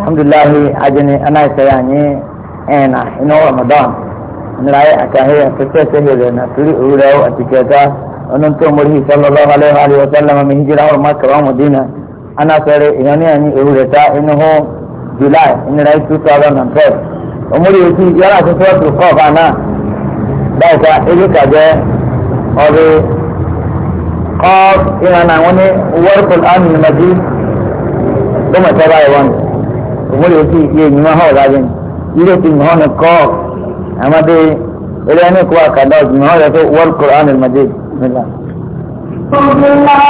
alhamdulilahi ajini anaisayanyi ena eh, ino ramadan nilaye akahe akesesehele na turi owurawo atiketa onun tó mori sallallahu alaihi wa sallam mi hijira wa makka wa madina ana sare inani ani ewureta inho july nilaye 2012 omori eti yara to so to ko bana daika eje kaje ore qaf ina na woni warqul an majid dama tabai wani òmùlẹ̀ òsì ìdí èyí máa hàn lábẹ́ ilé ti mọ̀ ní kọ́ àmàdé eré ẹni kó àkàdá òsì mọ̀ rẹ̀ tó wọ́n kọ́ ánì màdé nílá. بسم الله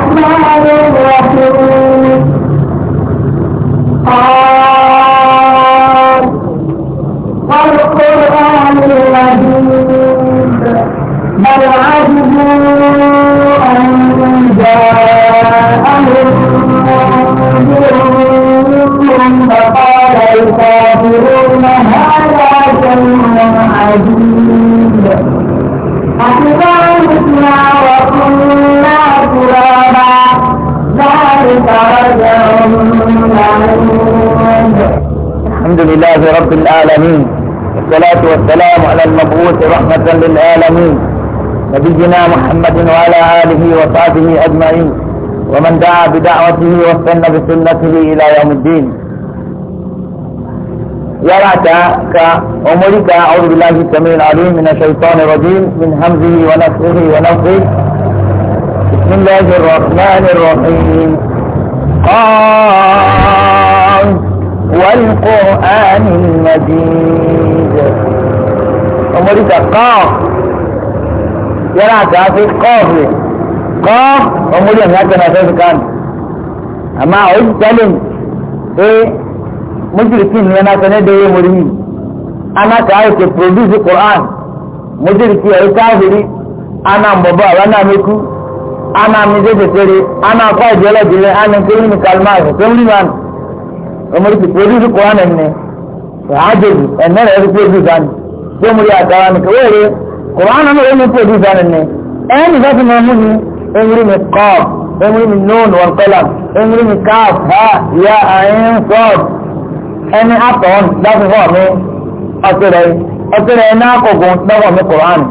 الرحمن الرحيم فقال الكافرون هذا عجيب متنا وكنا ذلك رجع الحمد لله رب العالمين والصلاة والسلام على المبعوث رحمة للعالمين نبينا محمد وعلى آله وصحبه أجمعين ومن دعا بدعوته واستنى بسنته إلى يوم الدين يراك كأمرك أعوذ بالله السميع العليم من الشيطان الرجيم من همزه ونفخه ونفخه بسم الله الرحمن الرحيم قال والقرآن المجيد أمرك قاف يراك في القافل kọ́ ọmọdé ọ̀nà ya fẹ́ fi kánù Amma ọ̀yìn tẹ́lẹ̀ pé mojirikin ni ẹnà sọ n'ẹdẹ yẹ mori ana ka áyè ke produce quran mojirikin ẹ̀yẹ káàbìrì ana mbọ̀bọ̀ àwọn ana mẹ́kú ana mẹ́jẹ tẹ̀tẹ̀rẹ̀ ana kọ́ ìjọlọ́jìlẹ̀ ana nkẹ́rin ní kalmar kẹ́rin man ọmọdé kò produce quran ẹ̀nẹ́ àjèjì ẹ̀nẹ́ rẹ̀ ẹ̀rí produce àná tó mori àtàwọn nìkan wẹ́ẹ̀rẹ̀ quran náà ló produce àná ẹ̀ẹ́ nìkan ti mọ̀ امرم القاف امرم النون والقلم امرم كاف ها يا عين صاد اني اطون ده هو مي اكيداي اكيداي نا كوكو ده هو مي قران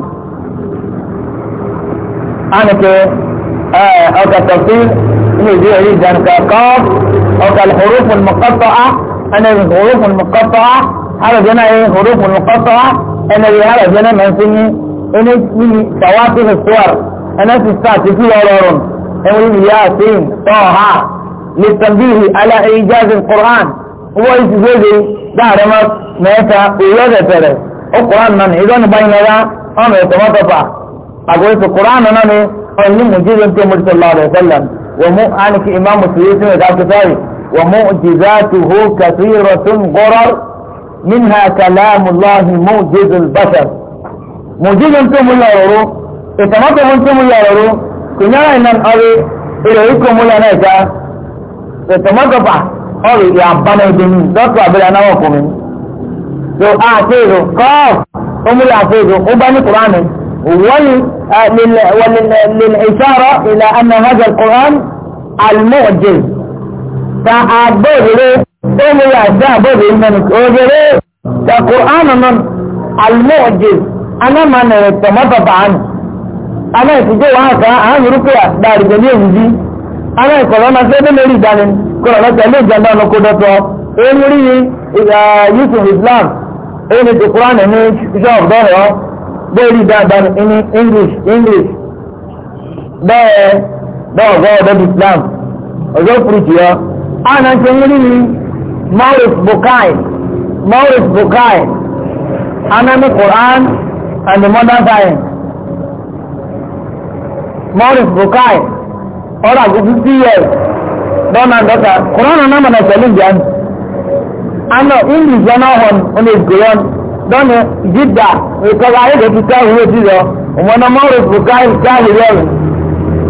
انا كي اه اوكا تفصيل اني دي اي جان كاف اوكا الحروف المقطعة انا الحروف المقطعة هذا جنا ايه حروف المقطعة انا دي هذا جنا من سنين انا سواتف الصور أنا في الساعة في أورون أولي ياسين طه للتنبيه على إيجاز القرآن هو يسجد دار مات ميتا ويادة تلك القرآن من إذن بين ذا أنا يتمتفع أقول في القرآن أنا من أولي مجيزة محمد صلى الله عليه وسلم ومؤنك إمام السيوسي وذا كتابي ومعجزاته كثيرة غرر منها كلام الله موجز البشر موجز انتم الله ìtàmọ́tò mú tí mo yà ọ̀rọ̀ kùnyàrá iná ọ̀rẹ́ ilẹ̀ ikú mú yà náà ká ìtàmọ́tò pa ọ̀rẹ́ ìyá àbáná ẹgbẹ́ mi dọ́kítà abẹ́rẹ́ náà wọ̀kùn mi. tó a ṣe èrò kọ́ọ̀f ó mú yà ṣe èrò ó bá ní kùránì وللإشارة إلى أن هذا القرآن المعجز فأبوه أمي أبوه إنني أبوه فقرآن المعجز أنا ما نتمطب عنه ana ìfúgbó wa fa àánú rúpé àdáàrìgbẹ̀ ní èyí bí ana ìkọ̀rọ̀ náà fẹ́ lórí ìdáni kọ̀rọ̀ náà tẹ̀lé ìjàmbá ọlọ́kọ̀ dọ́tọ̀ èyí rí yusuf islam èyí ti kúránì ní iṣẹ́ ọ̀dọ́rọ̀ lórí ìdáadáa ní english english bẹ́ẹ̀ dọ́ọ̀gọ́ ọ̀dọ́ islam ọ̀dọ́ pùrùtì yọ ana ṣe ń rí ni maurice bukai maurice bukai ana ní quran and the modern science morris bukai ọ̀rọ̀ àgbo fifty years dọ́nà dọ́ta kùránù náà mọ̀nà pẹ̀lú ìyanu àná english yẹn náà hàn ọ̀nà ìgbéyàn dọ́nà jìdá ìkọ̀wé ayédè ti tẹ́ ìwé ti lọ ọmọdé morris bukai jáde lẹ́rù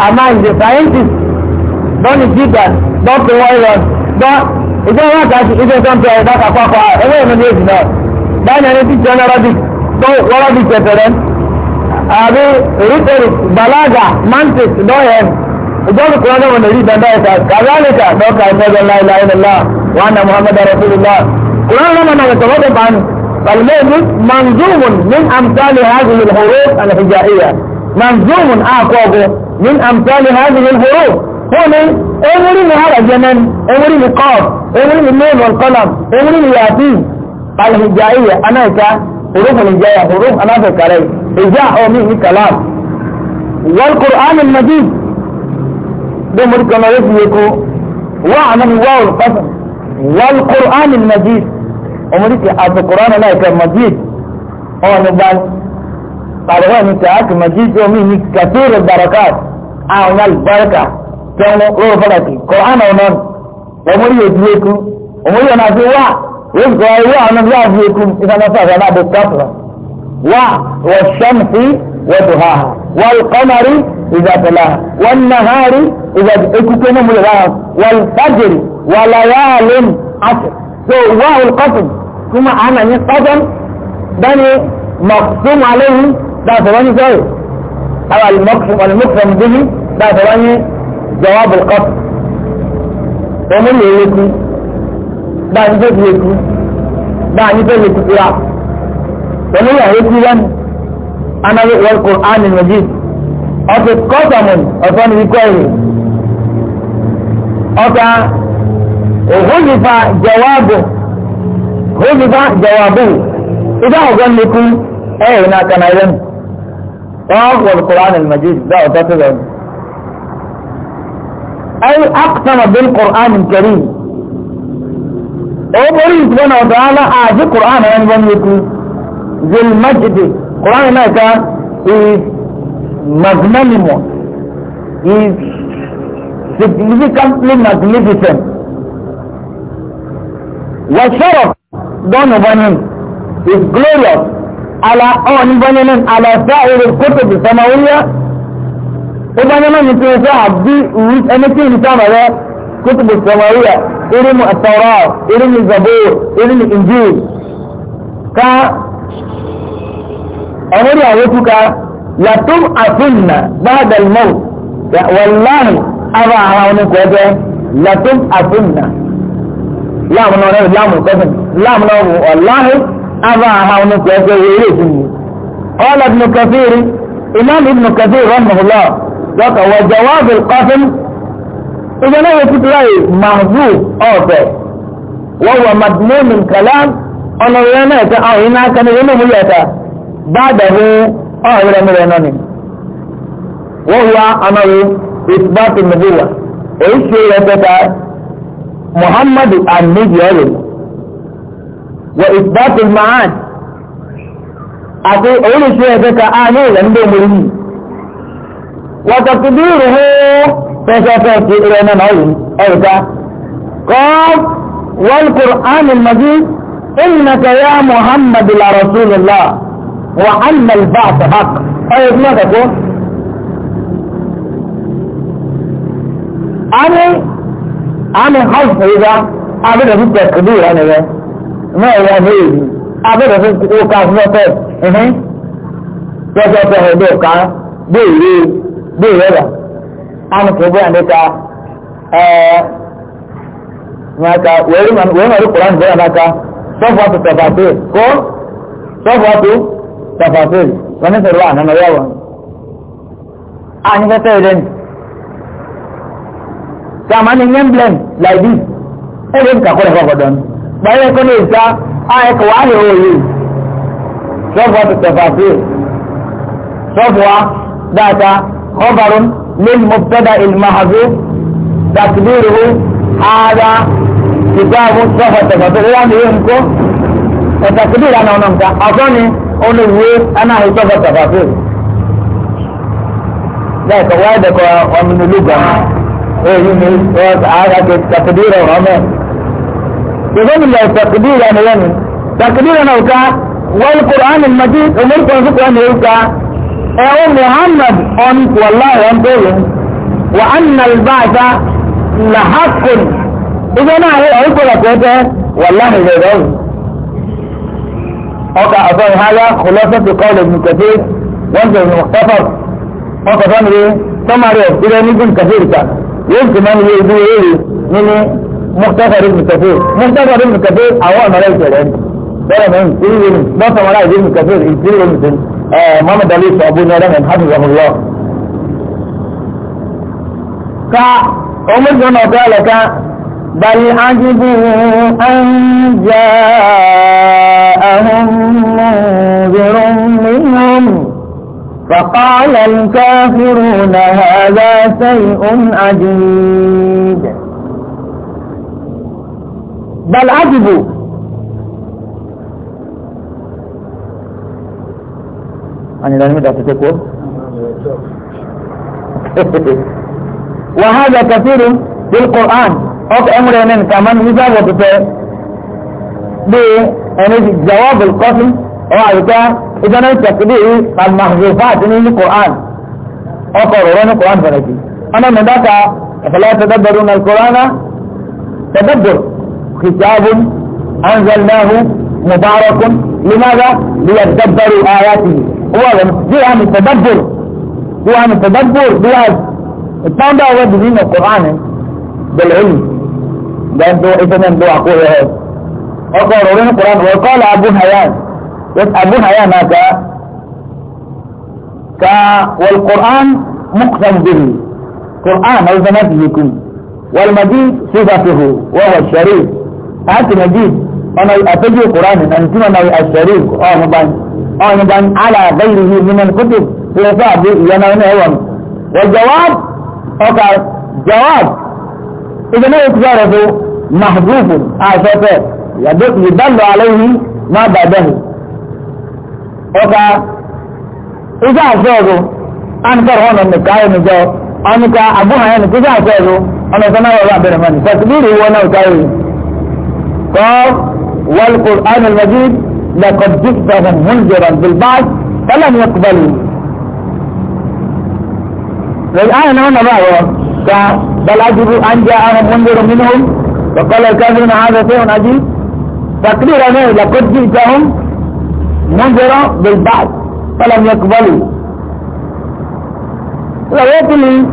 àmà ìdè scientist dọ́nà jìdá dọ́tò wọ́ọ̀rọ̀ dọ́ ìjọ wọn kà sí ìjọ sọ́ńtò ẹ̀dá kàkọ́kọ́ ẹ̀wọ́n ìmọ̀lẹ́ ìdìbò dọ́nà ẹni tí àbí rítẹ̀rì balaga mantis lọ́yẹ̀ ìjọba kúrò náà wọ̀nà rí dandan ẹ̀ka kàzálíkà lọ́ka ìfẹ́jọ́ láìláì lọ́la wà ná muhammadu rasulillah kúrò náà wọ̀nà ẹ̀ka wọ́n ti bá ní balmẹ́ni manzumun min amsali hazin al-huruf al-hijaiya manzumun akọọgọ min amsali hazin al-huruf wọ́n ewúrí mi hàrà jẹ́nẹ́n ewúrí mi kọ́ọ̀ ewúrí mi mẹ́lọ̀ kọ́lọ̀m ewúrí mi yàtí al-hijaiya anáìka huruf al-hijaiya huruf anáfẹ́ kàrẹ́ إجاء منه كلام والقرآن المجيد ده مركب يسيكو واعمل واو القسم والقرآن المجيد ومريك عبد القرآن لا يكون مجيد هو نبال قالوا نتاك مجيد ومنه كثير البركات أعمل بركة كانوا لور فلكي قرآن ونون ومريك يسيكو ومريك ناسي واع ويبقى واع نبيع فيكم إذا نفاق أنا بالكثرة والشمس وضحاها والقمر إذا تلاها والنهار إذا كنا ملغاها والفجر وليال عشر so واو القسم ثم أنا نقسم بني مقسوم عليه ده ثواني زي أو المقسم المقسم به ده ثواني جواب القسم ومن يلكي ده نجد يلكي ده نجد يلكي pẹ̀lú àwọn ikú lẹ́nu anáwó wọ́n kò ánì méjì ọ̀sẹ̀ kọ́sàmùn ọ̀sán ní ikú ẹ̀rì ọ̀sà òhùnìfà jẹ̀wáàbò òhùnìfà jẹ̀wáàbò ìdá ọ̀gá nìkú ẹ̀rì náà kànáà lẹ́nu wọ́n wọ́n kò ánì méjì dá ọ̀tọ́ tó lẹ́nu. أي أقسم بالقرآن الكريم. أو بريد سبحانه وتعالى أعجب قرآن يعني بني يكون zil majdi quran náà ká is magnanimous is significantly magnificent wa sharaf dọ́nà bọ́nìyàn is glorious ala ọ̀n bọ́nìyàn ala sáàrì kótó bí samáwíyá ó bọ́nìyàn ní tí ó sọ àbí ìwú ẹni tí ìlú sáàmà rẹ kótó bí samáwíyá irin mu àtàrà irin injil ká أمر يعوتك لتبعثن بعد الموت والله أبا عراونك وجه لتبعثن لا من أولاد لا من قسم لا من والله أبا عراونك وجه وإليكني قال ابن كثير إمام ابن كثير رحمه الله ذاك وجواب القسم إذا لا يتلاقي محظوظ أوفى وهو مضمون من كلام أنا ويانا يتا أو هناك أنا ويانا بعده أهل من ينوني وهو أمر إثبات النبوة إيش يتكى محمد النبي يقول وإثبات المعاد أقول أول شيء يتكى آني لنبي مريم وتقديره فشفت إلينا نعلم أيضا قال والقرآن المجيد إنك يا محمد لرسول الله وأن البعث حق طيب ماذا تقول؟ أنا أنا حظ إذا أبدا في التكبير أنا ذا ما هو أبدا أبدا في الوقع في الوقت إيه يجب أن يدوك بي بي بي هذا أنا كبير عندك maka wẹ́rẹ́ mọ̀ ní kùránì bẹ́ẹ̀ maka sọ́fọ́tù tẹ̀fàtì kó sọ́fọ́tù tafasir wanatarwa ah, na yawa an yi kasa idan samanin emblem like this irin kakwai kwakwadon bayan kuna isa a ah, ya kawo ahiyar oyi sọfọ tafasir sọfọ data kọbarun lil mubtada il mahazu takdiruhu hada kitabu sọfọ tafasir ya ne yin ko ta takdira na wannan ka a ọ̀nà ìwé anáhùtọ́fà tàfàfẹ́ láìka wáyé dẹ̀kọ̀ ọ̀mìnirúgba èyí ni ara takidira ọ̀hánmẹ́ ìgbẹ́mìlẹ̀ takidira ni wọ́n ni takidira náà ká wọ́n kùrán ní mẹ́tí ọmọdékan sí kùrán ní ká ẹ̀wọ́ muhammad ọ̀n wàláhì ọ̀n bẹ́ẹ̀ wà á nà lbàtà làhákùn ìgbẹ́ náà yẹ ọ̀rùkọ̀ làkọ̀ọ́tẹ́ wàláhì rẹ̀ rẹ̀ أو كأثار هذا خلاصة قول ابن كثير وانت ابن مختصر وكفان ايه ثم عرف إذا نجم كثير كان يمكن أن يدو ايه من مختصر ابن كثير مختصر ابن كثير أو أنا ليس العلم من كثير ما سمعنا ابن كثير كثير مثل محمد علي أبو نعلم حفظه الله كأمر كما قال بل عجبوا أن جاء جاءهم منذر منهم فقال الكافرون هذا شيء عجيب بل عجبوا أن لا نمت أتتكو وهذا كثير في القرآن أو أمرنا كمان إذا وتفعل بيه يعني جواب القسم وعليك إذا أنت تبيه المحذوفات من القرآن أقرأ وين القرآن فنكي أنا من ذاك فلا تدبرون القرآن تدبر كتاب أنزلناه مبارك لماذا؟ ليتدبروا آياته هو دي عن التدبر دي عن التدبر دي عن التعبير هو دين القرآن بالعلم ده انتوا ايه تمام دوا اقول هذا وقال وين القرآن وقال أبو حيان بس أبو حيان ماذا ك والقرآن مقسم به قرآن ألزمتكم والمجيد صفته وهو الشريف أنت مجيد أنا أتجي القرآن أنت من الشريف أهبان أهبان على غيره من الكتب فيصاب ينعن أيوان والجواب أقول جواب إذا ما يكثره محبوب عشاء آه، يدل عليه ما بعده وكا إذا أصابه أنكر هون أنك كاي نجاو أنك أبوها أنك إذا أصابه أنا ولا الله برماني تكبير هو نو كاي قال والقرآن المجيد لقد جئتهم منذرا بالبعث فلم يقبل والآن هنا بقى بل اجب أن جاء منذر منهم وقال الكافرون هذا شيء عجيب تقرير أنه لقد جئتهم منذرا بالبعث فلم يقبلوا رواية لي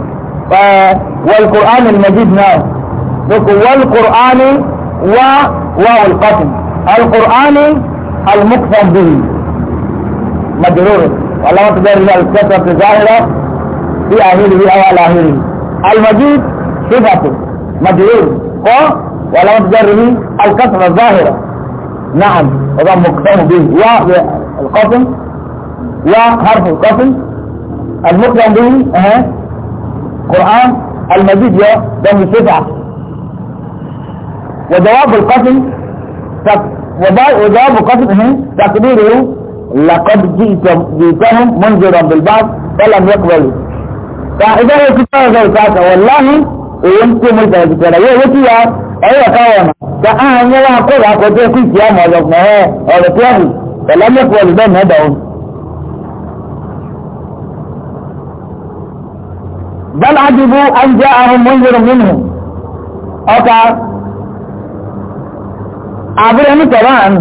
والقرآن المجيد نعم والقرآن و واو القسم القرآن المقسم به مجرور والله تدرج الكثرة الظاهرة في أهله أو على أهله المجيد صفته مجرور ولا ولم تدره الكثرة الظاهرة نعم وضع مقسم به يا القسم يا حرف القسم المقسم به اه قرآن المزيد يا دم الشفعة وجواب القسم وجواب القسم اه تقديره لقد جئت جئتهم منذرا بالبعض فلم يقبلوا فإذا هو كتاب والله ويمكن ملتهج كلا يا ọyọ káwọn ta ààyè wa kọlọ akọjọ sí ìkìyà mọ ọlọpàá ẹ ọrọ tíwájú pẹlú ẹlẹpọ olùbẹ mẹdà ọhún. bẹ́ẹ̀ náà dìbò àǹjẹ́ àrùn mọ́nyẹ́rù mímu ọ̀ka àbúrò ní tẹ̀wán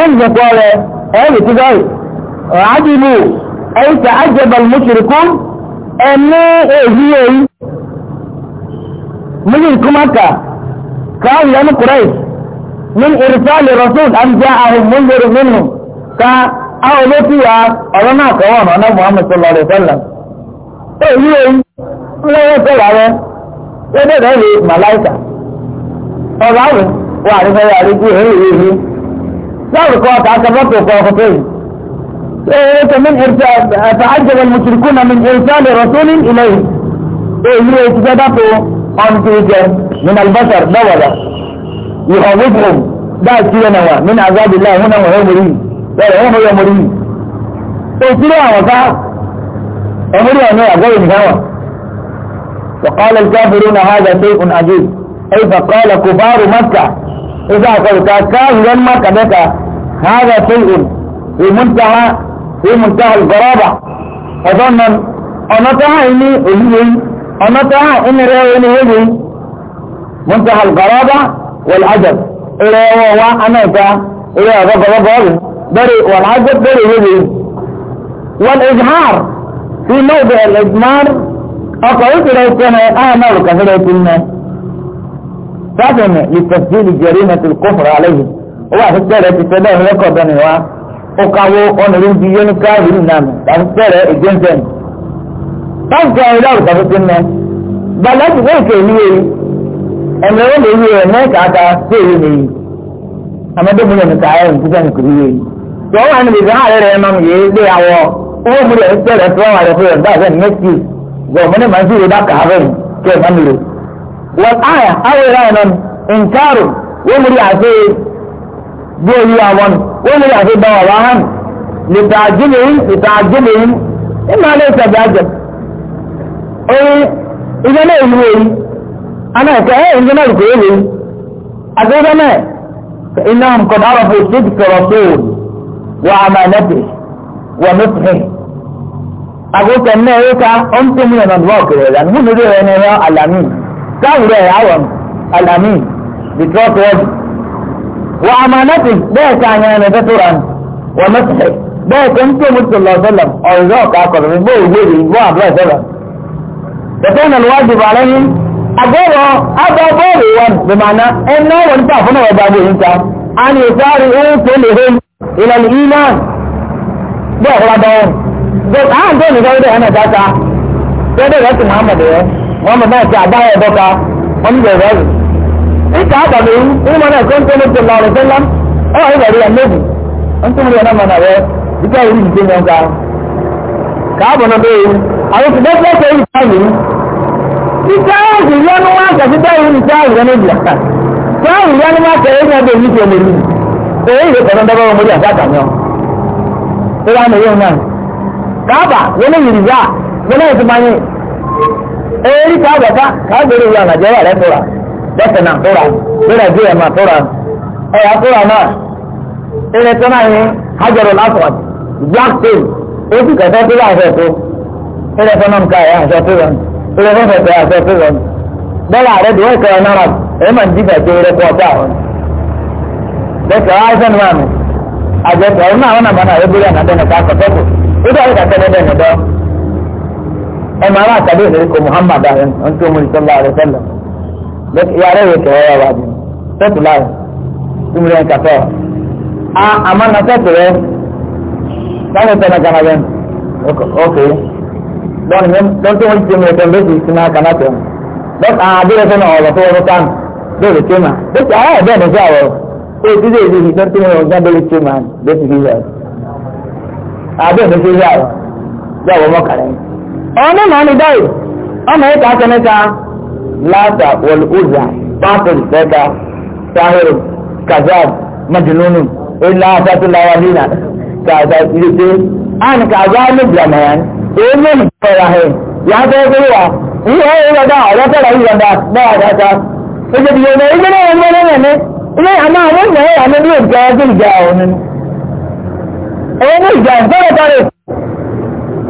ẹ̀ǹjẹ̀ kọ́rẹ̀ ẹ̀rì tí bẹ́ẹ̀ ràdìbò ẹ̀yíkà àjẹbẹ̀lì mọ́ṣirikún ẹ̀mí èyí èyí mọ́ṣirikún mọ́ta. كان لأن قريش من إرسال الرسول أن جاءهم منذر منهم كأولوتي أرنا كوان أنا محمد صلى الله عليه وسلم إيه لا يسأل عليه يدد هذه ملايكة فضعوا وعرف يعرفوا هي هي لو قاعد عصبته فوقتين إيه من إرسال تعجب المشركون من إرسال رسول إليه إيه هي كتابته unbidden من البشر دولا يخوفهم دا سينوا من عذاب الله هنا ويومرين ولا هم يومرين اتلوا وفا امروا نوع اقوي هوا وقال الكافرون هذا شيء عجيب اي فقال كفار مكة اذا قلت كافرا مكة بك هذا شيء في منتهى في منتهى الغرابة اظن انا اني اليه ومتى إن رأوا إن هذي منتهى القرابة والعجب إرأوا وأمتا إرأوا غضب غضب بريء والعجب بري يجي والإجهار في موضع الإجمار أقعد لو كان أهمل كفرة الناس فاتن لتسجيل جريمة الكفر عليه واحد ثلاثة سبعه يقضني وقعوا أنرون بيون كافر نام فاتن ثلاثة جنسان báńkì àwọn ilé àwùjọ tó ti ń lọ gbàgbọ́ ti fẹ́ ìkè ìlú yẹn ẹ̀mí ẹ̀rọ lè yí ẹ̀ mẹ́ta ata sí èyí ni yìí àmọ́débù lè nìka ẹ̀ nìkú sẹ́ni kìrì yẹn tó wà níbi ìgbà àárẹ̀ rẹ̀ máa yẹ ilé àwọ̀ owó mi rẹ̀ ń tẹ̀lé tó wà rẹ̀ fún rẹ̀ bá sẹ́ni mẹ́tì gbọ̀mọ́ ní màá sì rí dáka àárẹ̀ kẹ́ ẹ̀ má mi rè wọ́n áyà oyin ìjọ náà ìlú oyin aná ẹ̀kọ́ ẹ̀ ìjọ náà ìkòyè lè àgbẹ̀jọ náà iná nǹkan ọ̀rọ̀ fún ìṣèjì sọ̀rọ̀ sóòlù wà àmà nẹ́tì wà nùfẹ́ àgbẹ̀jọ náà ẹ̀rọ ká ó ń tẹ́ mílíọ̀nù ọ̀dùnmọ́ òkèrè rẹ̀ ní mímú rẹ̀ ní ẹ̀rọ alamin táwùrọ̀ ẹ̀ àwọn alamin the trust word wà àmà nẹ́tì bẹ́ẹ̀ ká àyàn ẹ̀rọ tó rà wà nùfẹ́ bẹ́ẹ̀ kẹ́ ń tẹ́ mílíọ̀nù وكان الواجب عليهم أقول أبا بوري بمعنى أنه ونفعفنا وبابه إنت أن يسارعوا كلهم إلى الإيمان ده هو دون ده آه دون ده ده أنا داتا ده ده رأس محمد إيه محمد ما يتعبا يبقى هم ده رأس إنت هذا بيه إيه ما نكون صلى الله عليه وسلم أو إذا ريا النبي أنتم ريا نمنا إيه بكا يريد جنة كعبنا بيه àwọn òṣìṣẹ́ tó ṣe ìta yìí títà òsì yọnu wá kàtítà yìí nìta àwùjọ ní ìjà tó àwùjọ ní wá kẹrẹ ní ọdún yìí tó lè rí èyí ìwé kẹrẹ ńdọ́gbọ́n wọn mórí àgbàkà yọ tó wà lóyún náà káàbà wọn èyí rìzá wọn èyí tó máa yẹ èyí káàbà ká káàbèrè ìwà nàìjíríà rẹ tóra lẹsẹ náà tóra lórí àgbéyà máa tóra ẹyà tóra náà èrè tó náà yẹ hajjọrọ lásán black tail ilé ẹ̀fọ́ náà ń ka ẹ̀ àṣọ tó rọ̀ ilé ẹ̀fọ́ fẹ̀fẹ̀ àṣọ tó rọ̀ dọ́là rẹ̀ dùn ẹ̀kọ́ náírà èyí máa ń dìgbà tó rẹ̀ kọ́ ọ̀tá àwọn. bẹ́ẹ̀ wá ẹ̀sẹ̀ nínú àmì àjẹsẹ̀ ọ̀run náà wọn nàbà náà rẹ̀ bóyá nàbẹ̀ nàbẹ̀ àkọ́tọ́kù ìdá rẹ̀ kàtẹ́ lẹ́dẹ̀ nìdọ́. ẹ máa rà àtàdé ìlérí ko muhammad ahim ọ̀ntún omi sọ́lá rẹ̀ sẹ́lẹ̀ yàrá ìwé kẹwàá yà wá bí sẹ́tù láì túmùrẹ́ ẹ̀ kàtọ́. àmọ́ nà sẹ́tù rẹ̀ sáyẹ̀ntẹ́ ok. okay don him don to wani jimi don bai jiki na kana to don a dole sana a wata wani kan dole ce ma da ke a da da za a wani ko ti zai jiki don tuni wani kan dole ce ma da su biya a da da ce za a wani za a wani makarai ọ̀nà ni dáì ọmọ yìí kàá kẹ́ni ká láta wọlé ọjà pápẹ́ lẹ́ka sáhẹ́rù kazab majinunu ilá afẹ́tìláwa nínà kàzá ilé tẹ́ àni kàzá ló bìlà mọ̀ yẹn èyí ń bọ̀rọ̀ ẹ̀ yàá tó kúrò wá ìyá ẹ̀ yọ̀dá ọ̀rọ̀tọ̀rọ̀ yọ̀dá báwa dáta oṣù tí yọ̀dá ìgbẹ́ náà ń bọ̀ lọ́wọ́ mi ilé àmọ́ àwọn ìgbà ẹ̀yà mi ní ìjà ọdún ìjà ọ̀hún ni. ẹ̀yẹ ní ìjà ìfọ̀rọ̀ tọ̀rọ̀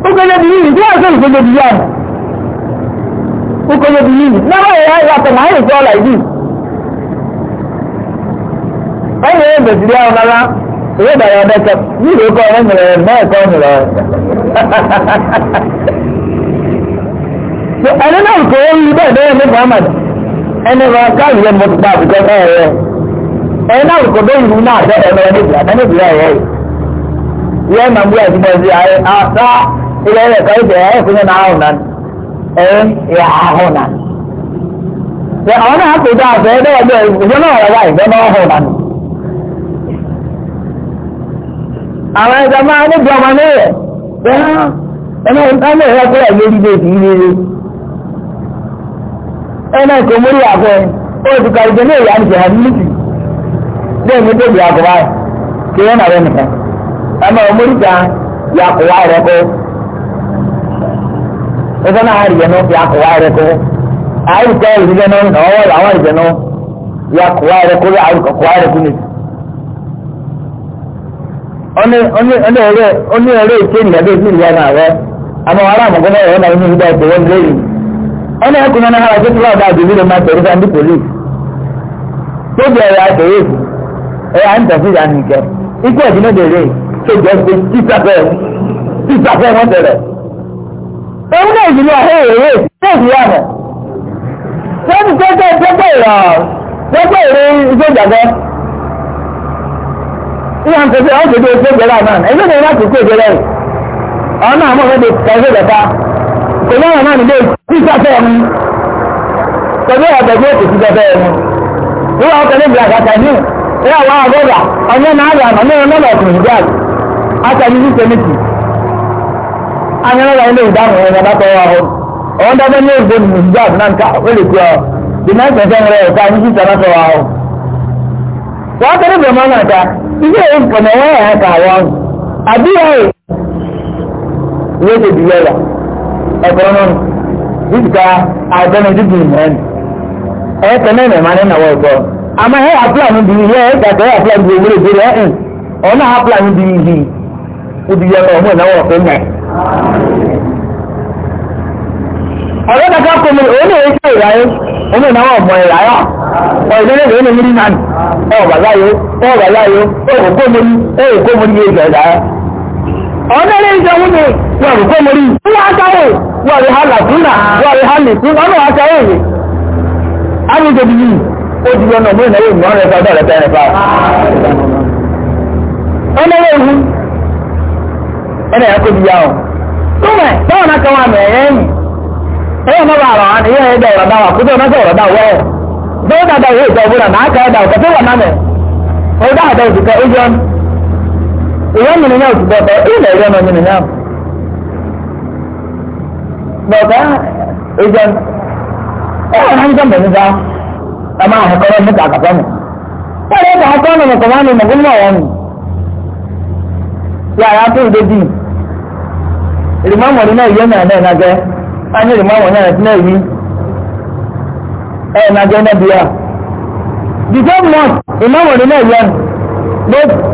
ukọ̀lẹ̀ bí yìí tí wọ́n sọ ìkọ̀lẹ̀ bí yàn ukọ̀lẹ̀ bí yìí náà ẹ̀yà yàtọ̀ máa ń sọ ọ̀là yìí. ẹ̀ bẹ̀sìrì àwọn rárá ìwé ìdàrú ọdẹ kan ní ìlú kọ ọ̀rẹ́ mìíràn ẹ̀gbọ́n ẹ̀kọ́ mìíràn ẹ̀. ẹni náà kò ó rí bẹ́ẹ̀ bẹ́ẹ̀ ní muhammad ẹni wọn káàlù yẹn mo ti gba náà rẹ ẹni náà kò bẹ́ẹ̀ ìlú náà bẹ́ẹ̀ ẹ̀rọ ẹni ìlú àtẹ́ni ìlú ẹ̀rọ yìí. yẹn máa bí àti bẹ́ẹ̀ sí ààrẹ àṣà ah, ilẹ̀ rẹ̀ kọ́ ìbẹ̀rẹ̀ ẹ̀ fún yẹn náà ẹ̀yìn náà. àwọn náà kò dáa náà àwọn ẹja máa ní bí ọmọ náà rẹ̀ ẹ̀nà ìtàlẹ̀ ẹ̀rọ pé ẹ̀yẹ dídé ti rí rí ẹ̀nà ìkò mórí àfẹ́ ó ti ka ìjọ náà yà ní ìjọba níbi lẹ́yìn mi tóbi àkùbá kí wọ́n nàrẹ́ nìkan ẹ̀mọ mórí ta yà àkùbá rẹ̀ kọ́ ẹ̀fọ́ náà àrìjẹ náà fi àkùbá rẹ̀ kọ́ àrìkọ́ ìrìjẹ náà ọwọ́ àwọn àrìjẹ náà yà rẹ̀ kọ́ ọní ẹ̀rọ ìṣe ìyàdó sí ìyá náà rẹ àmọ́ ará àmọ̀gọ́nà ẹ̀rọ náà ní ìgbà ìpè wọn lẹ́yìn ọní ẹkùnrin náà ara tó ti wà bá àdúgbò lè máa tẹ̀lé sáńdí pòlíì tó jẹ́ ẹ̀rọ àtẹ̀yẹ ẹ̀rọ à ń tẹ̀sí ìyá nìkẹ́ ikú ẹ̀dín náà dèrè tó jẹ́ pé títàfẹ́ títàfẹ́ wọn tẹ̀lẹ̀ òun náà ìdílé àhẹ́rẹ́ tẹ̀sí ìyá ìyá ń pèsè ọ̀hún ṣètò ìṣe ìjọba náà ẹgbẹ́ mi láti kó ìjọba rẹ̀ ọ̀hún náà mọ̀ níbi kẹ̀kẹ́ ìjọba kò ní ọ̀nà níbi ìṣàfẹ́ ẹ̀mú pẹ̀lú ọ̀bẹ̀ bí òkè ìjọba ẹ̀mú ìwà ọkọ̀ níbi àgàtà ní ìyá wa ọgọ́gà ọ̀nyẹ́ náà rà nà ní ọ̀nà ọ̀kùnrin ìjà àtàlí ní sẹ́mìtì anyalọ́gà ilé ìdáhùn ẹ̀yẹ bá tọwọ́ ọ̀hún ọ̀hún dábẹ́ ní èdè nìyí ìjà náà nǹka ó lè kú ọ the nine percent rẹ̀ ọ̀ka ní sísè náà tọwọ́ ọ̀hún. wọ́n tẹ́lẹ̀ bẹ̀rẹ̀ mọ́ náà ta ihe nke na nwa ya ka awa ahụ adịghị ihe dị dị yọla ẹgbẹrún náà dídìka àgbẹnu dídì ìmọ̀ẹ́nì ẹ tẹ̀lé ẹ̀mẹ̀ máa ní ìnáwó àmọ́ ẹ àpúlà mi di ihe ẹ gàtẹ́ ẹ àpúlà mi ọ̀nà ọ̀fẹ́ ọ̀rẹ́ kankan kò mi òun èyí tó ìráyé òun ìnáwó ọ̀mọ̀ ìráyà ọ̀rẹ́dẹ́rẹ́ rẹ̀ ní mírí náà ọ̀ bàbá yó ọ̀ bàbá yó òkú mo ní òkú mo ní ìjọ ìráyà. ọ̀rẹ́ rẹ̀ ń sẹ́wọ́n ní wọ́n òkú mo ní wọ́n á sáré wọ́n rí hàn làtúnà wọ́n rí hàn lìtún wọ́n á sáré rè. ábíjọ bí yìí ó ti lọ́nà mú ìnáwó ìmọ̀ rẹ̀ sọ́dọ̀ rẹ̀ tẹ́rẹ̀ fà. ọ̀rẹ́ rẹ̀ ẹ̀yọ́ náà bàa rọ̀ wá ní yíyá ẹ̀dá ọ̀rọ̀ dá wa kúndé ọ̀nà sọ̀rọ̀ dá wọ́ ẹ̀ bẹ́ẹ̀ dá dá ìwé ìtọ́ ìbúra náà ká ẹ̀dá ọ̀kọ́ tó wà náà mẹ́ ọ̀dá àdá òsìkà ẹ̀yọ́n ìwé nyìnyín náà òsìkà ọ̀tọ̀ ilẹ̀ ẹ̀yọ́ náà nyìnyín náà bọ̀dá ẹ̀yọ́n ẹ̀yọ́ náà ń jẹ́ mẹ́rin dá ọmọ àhẹ́kọ́rọ́ níta àkàtọ́ mi wọ́n lè kọ́ ọ́nà mọ̀kànlá ni mọ̀gbọ́nmọ̀ wọn ni yàrá tó ń dé bíi ìrìmọ́mọ̀rin náà yẹ́ náà náà náà anyị rịma nwa ya na ehi ee na gana biya the same month ịma nwere na ehi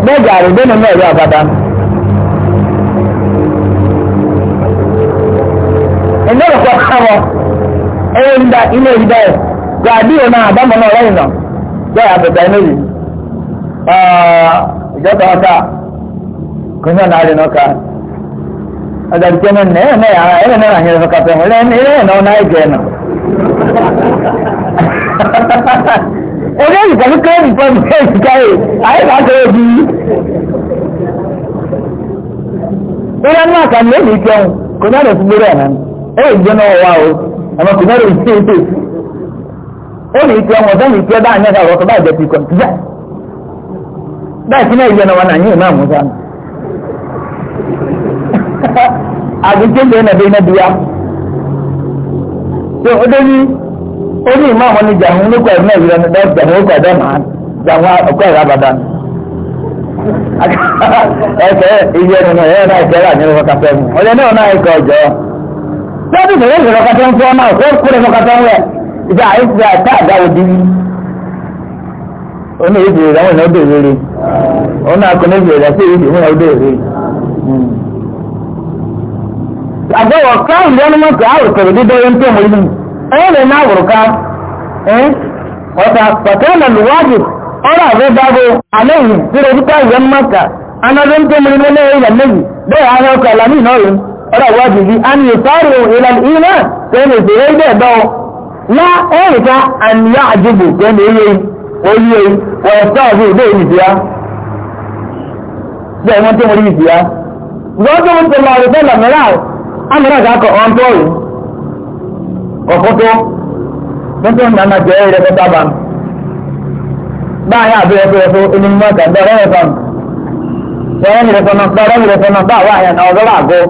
dọgarị dị na ehi abada ẹ̀dọ́rọ̀ kọ́ káwọ́ ẹ̀rọ ìdá ilé ìdá ẹ̀ gba na náà àbámọ̀ náà lẹ́yìn náà bẹ́ẹ̀ àbẹ̀bẹ̀ inú yìí ìjọba ọ̀tá kò ní ọ̀nà àrẹ̀ náà ká ọ̀dàdìjẹ́ náà nà ẹ̀rẹ̀ náà ẹ̀rẹ̀ náà àyẹ̀rẹ̀ fẹ́ kàtọ́ ẹ̀rẹ̀ ẹ̀rẹ̀ náà náà ẹ̀jẹ̀ nà. ẹ̀rẹ́ ìgbàlú kẹ́rẹ́dì fún mi ẹ̀jì káyè ayé bá tẹ̀ ẹ̀jì yìí. ìrẹ́ náà kà ní èmi jẹun kò náà lè fi gbé rẹ̀ náà ẹ̀rẹ́ ìjẹ́ náà wà o àmọ́ kò náà lè fi ṣe é èmi jẹun ọ̀dọ́ mi jẹ́ bá àyẹ̀ká ọ̀rọ̀ tó bá jẹ́ ti kọ̀ àdìjẹ́ lè nà bẹ́ẹ̀ nàbí ya tó o dé ní ó ní ìmọ̀ àwọn ní jàǹhún ló kọ́ ẹ̀rọ náà ìrẹ́ni dá jàǹhún ó kọ́ ẹ̀dá màá jàǹhún ọkọ̀ ẹ̀rọ àbàdà ẹsẹ̀ ìyẹ́ nínú ẹ̀rọ náà ìfẹ́ rà nínú ọkà fẹ́ mu ọ̀lẹ́ náà náà ẹ̀kọ́ ọ̀jọ́ lọ́dún ìfẹ́ ìfẹ́ ọkà fẹ́ ń fọ́ náà ó kúrẹ́ ọkà fẹ́ ń rẹ̀ ìjà àìsíra tá àdáwò dín oní ìbéèrè àwọn ènìyàn bèèrè àgbẹ̀wọ̀ káàrùn ní ọdún ka àwòrán dídọ́rẹ́ tó mọ̀ inú ọ náà wòrùká ọ̀tà pàtẹ́lẹ̀ lùwájú ọ̀rọ̀ àgbẹ̀ dábò àlẹ́yìn tí a amúra kà kọ ọ̀n tọ́ọ̀rù kọ̀fọ́tọ́ tuntun nana jẹ́ ẹ̀rẹ́ kọ́tà bá mi báyà abẹ́rẹ́ fẹ́rẹ́ fún ẹni mọ́ ẹ̀ka bẹ́ẹ̀ rẹ̀ fún mi ẹ̀rẹ́ mi rẹ̀ fún mi bẹ́ẹ̀ rẹ̀ mi rẹ̀ fún mi bá wà yẹn náà ọ̀dọ́rọ̀ àgọ́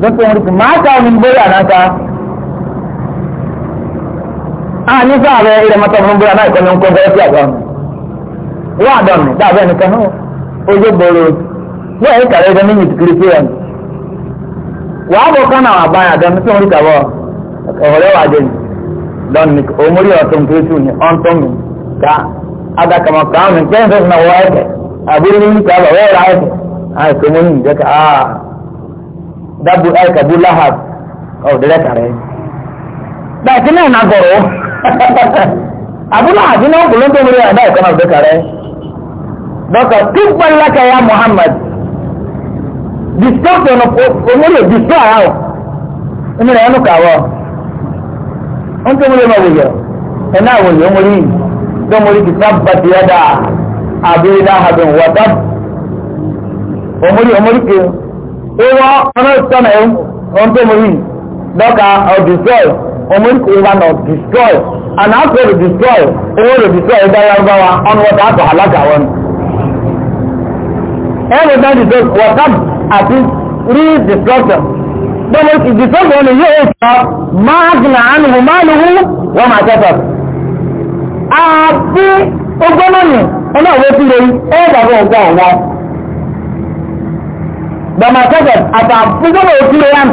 tuntun rẹ̀ fún máa ká omi bóyá náà ká a ní sáà bẹ ẹ̀rẹ́ mọ́tọ́ fún bóyá náà ìkọ́ni ń kọ́ bẹ́ẹ̀ sí àgbà mi wọ́n àdọ́ mi dáàbẹ́ nìkan náà ó yẹ bọ̀rọ̀ bẹ́ẹ̀ kàrẹ́ wàá bọ̀ kán náà àbáyà dán ní sọ́wọ́n ìkàwọ́ ọ̀rẹ́ wà jẹ́ dánni òmùrí ọ̀tún tó tù ní ọ̀ntún mi ká adakama kan mi pẹ́ ní sọ́wọ́n wọ́ ẹ̀kẹ́ àbúrò ní ká bọ̀ wọ́n ra ẹ̀kẹ́ àìsè mú ní ìjẹ́ka áà dábù ẹ̀kẹ́ bú láhàb ọ̀dẹ́rẹ́ kàrẹ́. bẹ́ẹ̀kì náà nà gọ̀rọ̀ àbúrò àti náà kò ló ń tó disturb ọ̀nà omori ò disturb ara ọ̀ ẹni rẹ̀ ẹnu kàwọ́ ọ̀n tó múlẹ̀ máa wòyọ̀ ẹ̀nà àwòyọ̀ omori yìí tó omori ti sáb bàtì ẹ̀dá àbíyẹ̀dá àbẹ̀ wọ̀tá omori omori kì í wọ́ ọ̀nà ìtọ́nà ẹ̀ ọ̀n tó omori yìí dọ́ka ọ̀ destroy omori kò wá nà destroy àná àpò rẹ̀ destroy owó rẹ̀ destroy ẹ̀dá yàrá wa ọ̀nà wọ́tá àtọ̀ àlágà wọn. ẹ̀rọ dájú tó wọ́tá àti redestruction bẹ́ẹ̀ ni destruction wọn ni yóò sọ máa gbìnà ànùwò máa lówó wọ́n máa tẹ́tọ̀. àti ogbónàmì ọlọ́wọ́ tí lè ẹ́ dàbọ̀ ọgbà ọ̀wọ́ bàmà tẹ́tọ̀ àti àfúgbọ́nà òtí lè yàn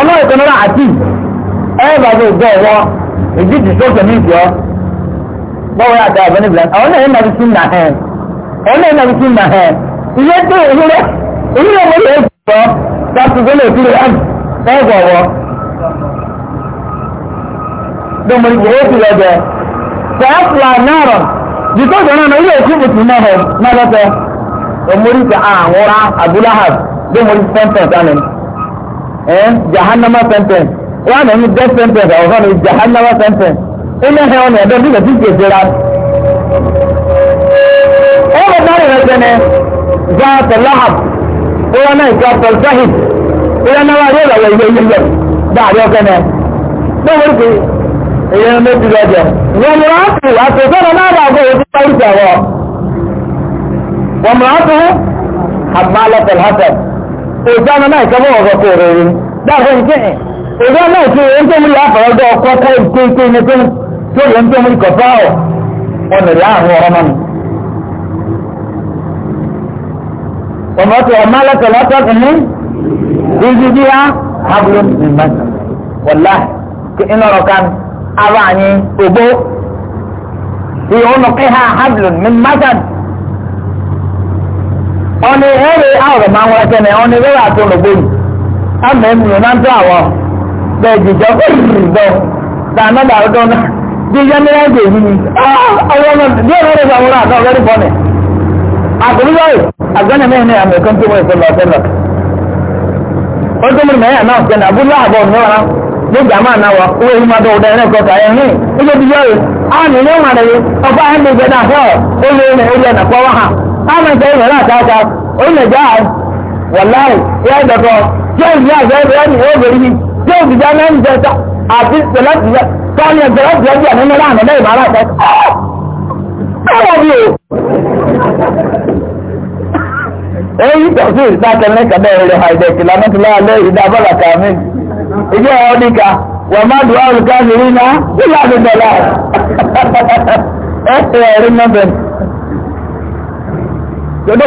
ọlọ́wọ́ kan náà àti ẹ́ dàbọ̀ ọgbà ọ̀wọ́ èjì destruction ní ìjọ bọ́wọ́ yà dá ọ̀bẹ níbi lẹ́nu àwọn náà yẹn nàbí sí nà ẹ̀ àwọn náà yẹn nàbí sí nà ẹ̀ ìyẹn tó ìwúrẹ́. èyí ló wọlé ẹ̀jọ̀ láti gbélé ìpínlẹ̀ àmì ẹ̀gbọ̀wọ́ domini kò wọ́n ti lọ jẹ fẹ́ẹ́fúlà náírà jùtọ́ ìjọba náà ilé òkú ìtùnú náà jahannama sentence wọ́n àná ní death sentence àwọn fọ́nà jahannama sentence ilé ẹ̀hẹ́ wọn ni ẹ̀dọ́ ndị lọ́tí ti ṣe ra. ó lọ bá bóyá náà ìjọ pọlítẹ́hìn bóyá náà wà yóò lọ́wọ́ ilé yíyọ dáàrí ọkẹ náà lóòwò pé èyí ló ti lọ́jọ́ wọ́n mú ráàpù àtòsọ́nà náà wà bọ̀ òfin parí ìjàwọ̀ wọ́n mú ráàpù àmàlẹ́tẹ̀lẹ́ hàtẹ̀ ìjọba náà ìjọba ọ̀rọ̀ kò rẹ̀ rí dáàrí ọkẹ ìjọ náà ti ń tó mú yà fọ̀rọ̀ dọ́ وما وما لك لا تغني بجديها حبل من مسد والله كأن ركان أراني أبو في عنقها حبل من مسد أني أري أرى ما هو كان أني غير أتون بي أما يمني من تعوى بيجي جو dáná dàrú dọ́nà jíjẹ́ ní ẹgbẹ̀ẹ́ mi ni àwọn ọmọ ìdí ọ̀rẹ́ ìgbà wọn àtọ́ ọ̀rẹ́ ìbọn ni àgbẹ̀lúwàì àgbẹ̀nà mẹ́rin náà àmì kan tó wọ́n ìfẹ́ lọ́ọ́ fẹ́lọ́. ó tó mú mẹ́rin náà fẹ́ náà abúlé àbọ̀ mẹ́wàá ní jàmá náà wà owó yìí máa dọ̀wọ́ dẹ́rẹ́ kọ́ tàyẹ̀ ní ilé ti yọ̀rọ̀ àmì ní wọn rẹ̀ ọba ẹni gbẹ náà fẹ́ ó lé ní ilé ẹ̀nà kọ́ wá hàn àmì ìfẹ́ ìfẹ́ náà káàkà ó lè já wàláì yá ìdọ̀kọ̀ yóò ní àgbẹ̀ ẹ̀rọ ní obìnrin yìí yóò fi já náà ń jẹ ta àti pẹ̀lẹ́tì yẹ káwọn ẹgbẹ̀rún ti ẹgbẹ̀rún náà nínú èyí tọ̀sí ìsáàkẹ́ mẹ́kà bẹ́ẹ̀ rẹ̀ àìdẹ̀ kìlọ́mẹ́tìlá alẹ́ ìdábọ́là kàmí ìjọ àwọn níka wọ́n má dùn àwọn olùkọ́ náà bí láti dọ̀là ẹ̀sẹ̀ ẹ̀rí mẹ́bẹ̀.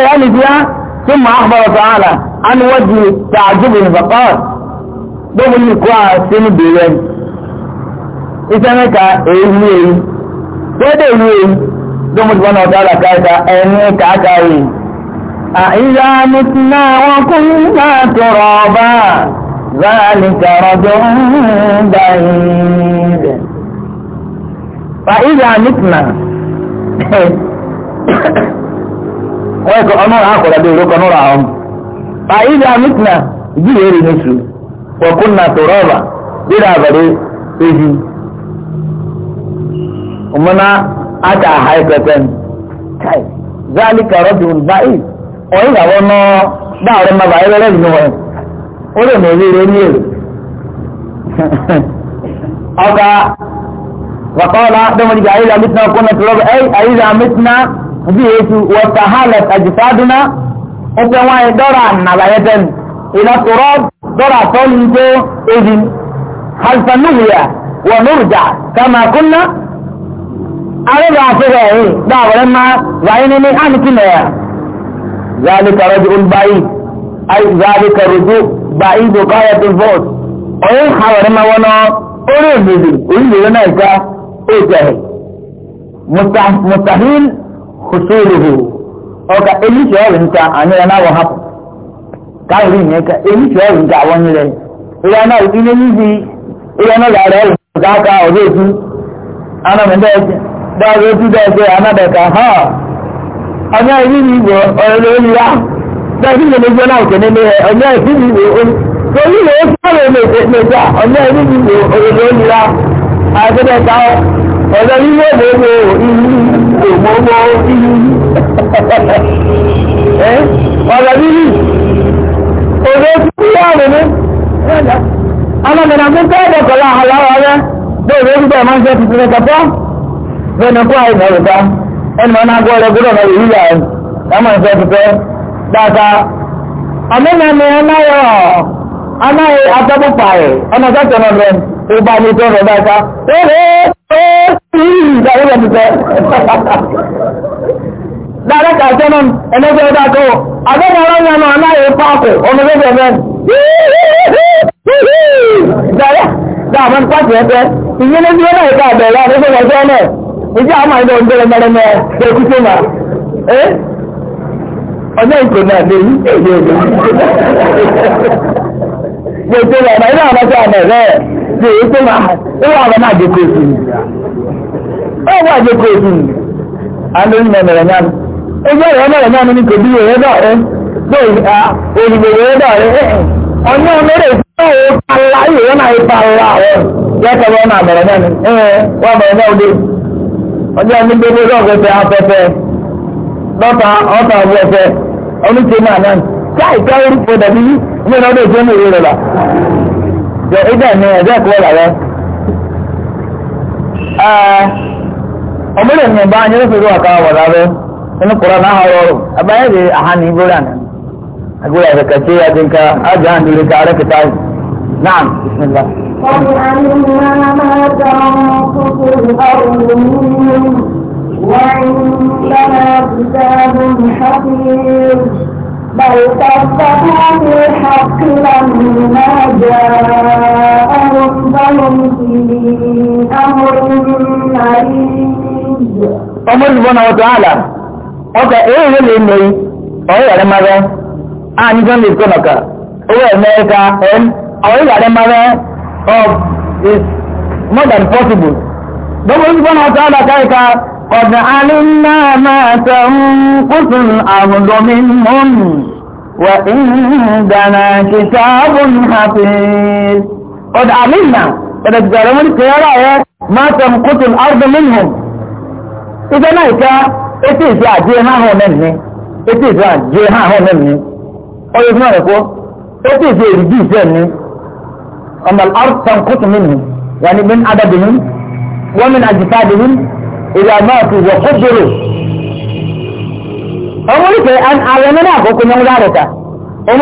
wọn ni bíyà tó máa bọ̀rọ̀ sọ àlà á wọ́n di tààjúbù nìfọ̀kọ́ gbogbo ní kó àti ní bèrè èyí ní èyí èyí ثم سبحانه وتعالى قال أنك عكاوي أإذا متنا وكنا ترابا ذلك رجع بعيد فإذا متنا ويكو أمر آخر أدورك نورهم فإذا متنا جيري نسو وكنا ترابا بلا بري إذي ومنا aka haifẹ́fẹ́n kai zálìkà rọ́bìn báyìí ọ̀yìn àwọn ọmọ dáàrọ̀ máa bàyẹ̀ lọ́rẹ́ nínú wọn ó lè mọ̀ èrè ní èrè ọkà wàkọ́ọ̀lá dọ́mọdé àyíra mítínà kọ́nà tó rọ́bìn ẹ̀yìn àyíra mítínà bí ètù wọ́ta hálẹ̀ àjìfádúná ó fẹ́ wọ́n ẹ dọ́rà nàlàyé tẹ́nu ìlàkùrọ́ dọ́rà tọ́lù ń tó èdè halifanuwiya wọ̀nùrùjà kàmákúnná arẹ́rẹ́ àfẹ́rẹ́ ẹ̀yìn dáwọ̀rẹ́ máa wáyé nínú àmìkìlẹ̀ yà zálìkà rọ́jò olùbáyì zálìkà rọ́jò báyì bòkáyà tó vọ́t ọ̀yẹ́ àwọ̀rẹ́ máa wọ́n náà orí ìbèbè orílẹ̀-èdè náà já èjẹ̀ mustahil husuluhu ọkà eníṣẹ́ ọ̀rẹ́ nta àníyàn náà wọ̀ hapù káàrí ìyẹn ká eníṣẹ́ ọ̀rẹ́ nta àwọn yẹn ìyẹn náà ìdílé níbi ìyẹn náà làárẹ̀ ọ̀rẹ́ nta ká ọ̀rẹ́ òkú anamọ̀dẹ́ ẹ̀jẹ̀ dáadé tí dáadé anábẹ̀ta ha ọjọ́ ìlú mi wọ ọ̀rẹ́ orí ya dáadé ìlú mi gbọ́nà òkè nílé ẹ̀ ọjọ́ ìlú mi wọ orí rẹ̀ ó sọ̀rọ̀ lẹ́gbẹ̀ta ọjọ́ ìlú mi wọ ọ̀rẹ́ orí ya àgbẹ̀ta ọ̀rẹ́ ìlú ògbòmò ìlú ògbòmò ìlú ọ̀rẹ́ ìlú ògbòmò ìlú ọ̀rẹ́ ìlú ọ̀rẹ́ ìlú lẹ́nu kó àìsàn òrùka ẹni máa náà gbọ́dọ̀ gbọ́dọ̀ náà yìí yà ẹ́ lámà ìfẹ́ pípẹ́ dáadáa. àmúna ni anáyọ̀ anáyọ̀ atọ́pọ̀pọ̀ rẹ̀ ọ̀nà sọ́tọ̀ náà rẹ̀ ìgbà ni tó rẹ̀ dáadáa. ó rẹ̀ ó yìí ìdáwó rẹ̀ pípẹ́. dáadáa kà sẹ́ nù ẹnẹ́gbẹ́ ọ̀dà tó àbẹ̀wò ọlọ́yìn ọ̀nà anáyọ̀ páàkì ọmọ gbẹ́gbẹ́ mẹ́ dáadáa dáadáa mọ́ ìdí àwọn àìdá ọ̀dọ́ ẹgbẹ̀rẹ̀mẹ̀ ẹ̀ kú tó máa ẹ́ ọjọ́ ìkò náà lè yí èyí èyí gbèsè rẹ̀ náà iná àwọn ọjọ́ àmọ̀ rẹ̀ lè yí tó máa ó wà wọn àjẹkọ̀ òsì ni ó wà àjẹkọ̀ òsì ni alóyún mẹ̀mẹ̀rẹ̀ náà ojú ọ̀rọ̀ mẹ̀rẹ̀ náà ní kò bí òun náà ẹ́ òyìnbó òun náà ẹ́ ọ̀nà ọ̀nà ìpàlà ìwọ̀n náà ìpàlà rẹ̀ yẹ́tọ̀ wọn àmọ̀rẹ̀ náà ni wọ́n àmọ̀rẹ̀ náà ó dé ọjọ́ ní gbogbo lọ́ọ̀kọ́ tẹ afẹ́fẹ́ lọ́ta ọ̀tà afẹ́fẹ́ oníṣẹ́ náà náà káì ká orí fò dàbí yí ní ọdún ìṣẹ́ ní ìwé rẹ̀ là yọ ìdá ní ẹ̀jẹ̀ kúrẹ́ làwẹ́. ọmọdé mi bá anyẹ́ fẹ́ wà ká wà lábẹ́ inú kura náà rọrùn abáyé de àhánì ìgbóra àná agbóra rẹ̀ kàtí adínká ájá àndúrí ká rẹ̀ náà bismillah. Ọ̀gbìn àyè máa كتاب حفيظ بل كذبوا بالحق لما جاءهم فهم في أمر مريض أمر سبحانه وتعالى ọkà èèyàn lè mọ yìí ìyàrá máa rẹ̀ lè kọ́nà owó ẹ̀mẹ́ríkà ẹ̀m ọ̀rẹ́ ìyàrá máa of is more than possible. gbogbo ìgbọ́n náà sọ́ọ́dà káyìí قد علمنا ما تنقص الأرض منهم وعندنا كتاب حفيظ قد علمنا تذكرون قراءة ما تنقص الأرض منهم إذا نايكا إتيس يا جيها هو مني إتيس يا جيها هو مني أو يسمعكو إتيس يا رجيس مني أما الأرض تنقص منهم يعني من عددهم ومن أجسادهم ìyá máa fi wọ̀ kó dòrò. ọmọ oríkè àwọn ẹni ọmọ oríkè na ilé tèè ó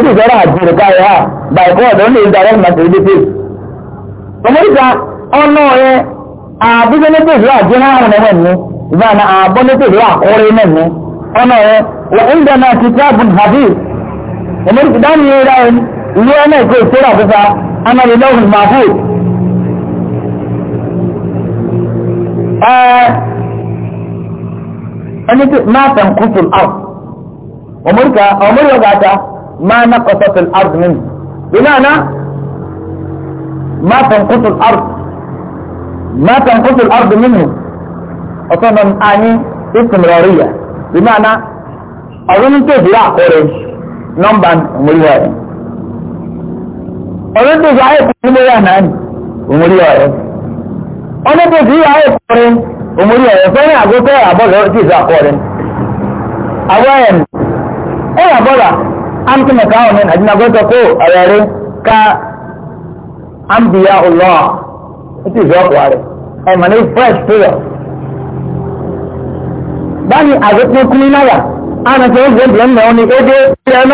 sì fẹ́ràn àjò rẹ̀ káyọ̀ á bá ẹ̀kọ́ ọ̀dọ́ ní ìdá rẹ̀ màtẹ̀ ilé tèè. ọmọ oríkè ọ̀nà rẹ̀ àbíjẹ́ ní tèè rẹ̀ àjò náà rẹ̀ wọ̀ ní ìbáná àbọ̀ ní tèè rẹ̀ àkọ́rẹ́ náà ní ọ̀nà rẹ̀ wọ̀ ń dáná kìtàbùn hadith ọmọ يقولون يقولون يقولون يقولون يقولون يقولون يقولون يقولون يقولون يقولون يقولون يقولون يقولون أنهم أنهم أنهم أنهم أنهم أنهم أنهم أنهم أنهم أنهم أنهم أنهم أنهم أنهم يقولون أنهم يقولون أنهم يقولون أنهم يقولون أنهم يقولون أنهم يقولون أنهم يقولون أنهم يقولون أنهم يقولون أنهم يقولون أنهم يقولون أنهم يقولون أنهم يقولون أنهم يقولون أنهم يقولون أنهم يقولون أنهم يقولون أنهم يقولون مريضة ọdún tó fi ayé kúrò lórí àná ni òmùrí ọ̀rẹ́ ọdún tó fi ayé kúrò òmùrí ọ̀rẹ́ fẹ́ràn àgókò àbọ̀lọ̀ tí ì sàkọ́rẹ́ àwọ̀ ẹ̀ ẹ̀ àbọ̀là amtìmẹ̀ká ọ̀nà àdínàgọ́tọ̀ kó àyàrẹ́ ká ambiya ọlọ́ tí ì sọ́kọ̀ rẹ̀ ẹ̀ mọ̀ ní fresh prayer báyìí àgókò kúrò náírà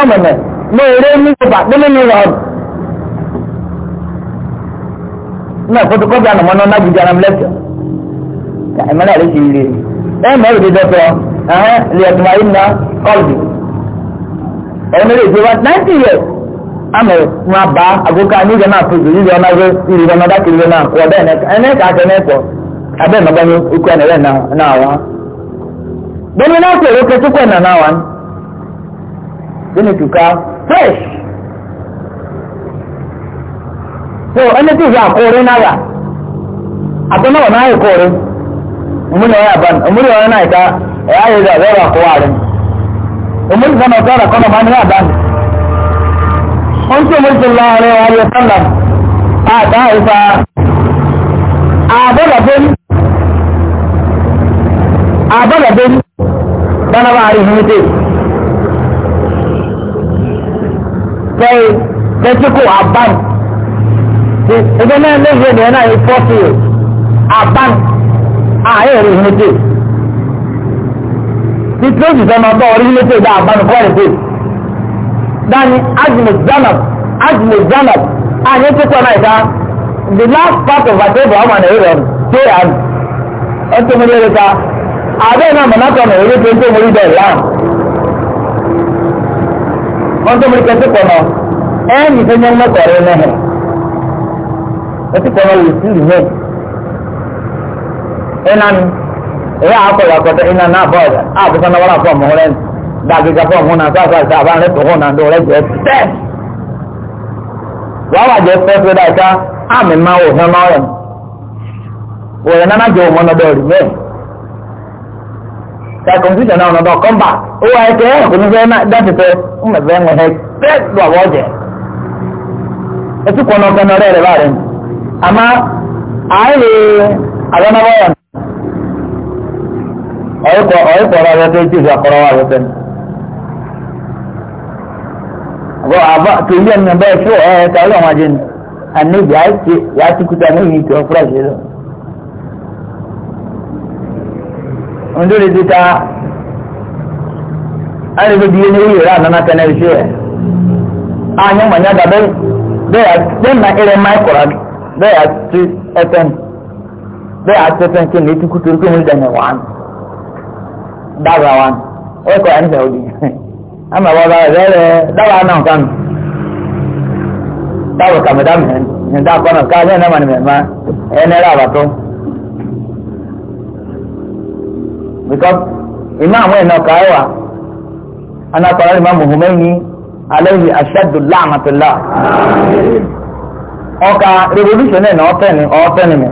àmì tó náà kótó kótó ànàmọ́ náà náà gbìjà anam lẹ́tọ̀ ẹ̀mọ́ náà lè ṣe ire ẹ̀ mẹ́rin ti dọ́tọ̀ ẹ̀hẹ́ lẹ́ẹ̀tùmá yìí ná kọ́ọ̀dù ẹ̀mí lè ṣe wá náìtì yẹ ama ma ba agogo anyi yɛ naa tozo yi yɛ ɔna yɛ yiri yɛ ɔna dakiri yɛ naa wɔ bɛn n'ɛka ɛnɛ ka akɛ n'ɛkɔ abɛ ma bɛn okura na yɛ na na awa bɛn mi naa kɔ ɛrɛ kɛ tukɔ na na so ẹni tí ìyá àkóore náà yà àtọ́nàwọ̀ náà ìkóore òmùnìyàn yà bá òmùnìyàn náà ìka ẹ̀yà ayé rẹ̀ lọ́rọ̀ àkówá rẹ̀ òmùnìyàn náà sọ̀rọ̀ kọ́nà máa ní yà bá mi. wọ́n tí omi ti lọ rẹ̀ wọ́n yẹ sọ́nà àtà ìfà àbọ̀dàbẹ́n àbọ̀dàbẹ́n dáná bá rí ìhun dé. kẹ́ẹ̀ kẹ́tíkù àbáyé ẹgbẹ́ náà lẹ́yìn ẹ̀dẹ̀ náà yóò fọ́ọ̀tì o àbán ààyè rẹ̀ ń lóde tí tírósì sọ ma bọ́ orí lóde dá àbán kọ́ ẹ̀ dé dání azimu zanab azimu zanab àyè tó sọ náà ìta the last part of our table ọmọ náà rẹ̀ ṣé àná ẹ tó mú lórí ta àbẹ́ náà mọ̀ náà tọ̀ náà èrè tó ń tó mú rí bẹ́ẹ̀ láàmú wọ́n tó mú rí kẹ́sì pọ̀ yẹn mọ́tọ̀ rẹ̀ náà ẹtí kọ́ wọn lè sí rìmẹ́ẹ̀d ẹnani ẹ̀yà akọ̀wé akọ̀tẹ́ ẹ̀nà náà bọ̀ ọ̀dà àbùsọ̀ náà wọ́n àfọ̀ ọ̀mọ̀ rẹ̀ dàgígà fọ̀ ọ̀mọ̀ náà sáfà sí àbá rẹ̀ tọ̀hún náà dọ̀rẹ́ jẹ́ tẹ́ wàá wà jẹ́ fẹ́ fẹ́ dáìka àmì máa wò hẹ́ náà rẹ̀ wòye nana jẹ́ ọmọ náà dọ̀rẹ́ rìmẹ́ẹ̀d kàkọ̀mpútà náà ọ̀nà dọ̀kọ́ mbà owó ẹ̀kẹ́ ẹ̀kọ́ ní fẹ́ dẹ́tì fẹ́ ń mẹ̀fẹ́ ń wọ̀ hẹ́ tẹ́ lọ́wọ́ jẹ́ ẹtí kọ́ náà fẹ́ náà rẹ̀ rẹ̀ báyìí amma ayi àwọn ọmọ wọn ọ̀yẹ́kọ̀ ọ̀yẹ́kọ̀ọ́ra wọn tó ń tìṣà kọ́ra wà lọ́tẹ́ ni. àbọ̀ àbá tòlí ẹni bẹ́ẹ̀ tó ẹ̀ ẹ̀ kárí àwọn ajé ni àníbi àìsí yàtìkúta ní ìyìn tó fúra ṣe lọ. ndúlẹ̀ ti ta alẹ́bẹ̀bí yẹn ní ìyè rà nánà tẹ́lẹ̀ ṣe ẹ̀. àyẹ̀mọ̀ nyá dàbẹ́ bẹ́ẹ̀ bẹ́ẹ̀ na ẹ̀rẹ̀ máa kọ̀ra mi. bẹ́ẹ̀ àti ẹ̀fẹ̀ bẹ́ẹ̀ àti ẹ̀fẹ̀ kí ni etíkú na ń tó dẹ̀ ní wàá dábàá wàá ó kọ́ ẹ̀ ń bẹ̀ òdì ama bọ́ bá rẹ̀ rẹ̀ dábàá náà kánú dábàá kàmẹ́dá mẹ́rin ní dábàá náà má ẹ̀ ní ẹ̀rọ àbàtọ́ because imaamu ẹ̀ náà kàá wà anakọ̀rọ̀ imaamu hùmẹ́ni alẹ́ yìí ọka revolution ẹ̀ na ọ̀tẹ́ni ọ̀tẹ́ni mi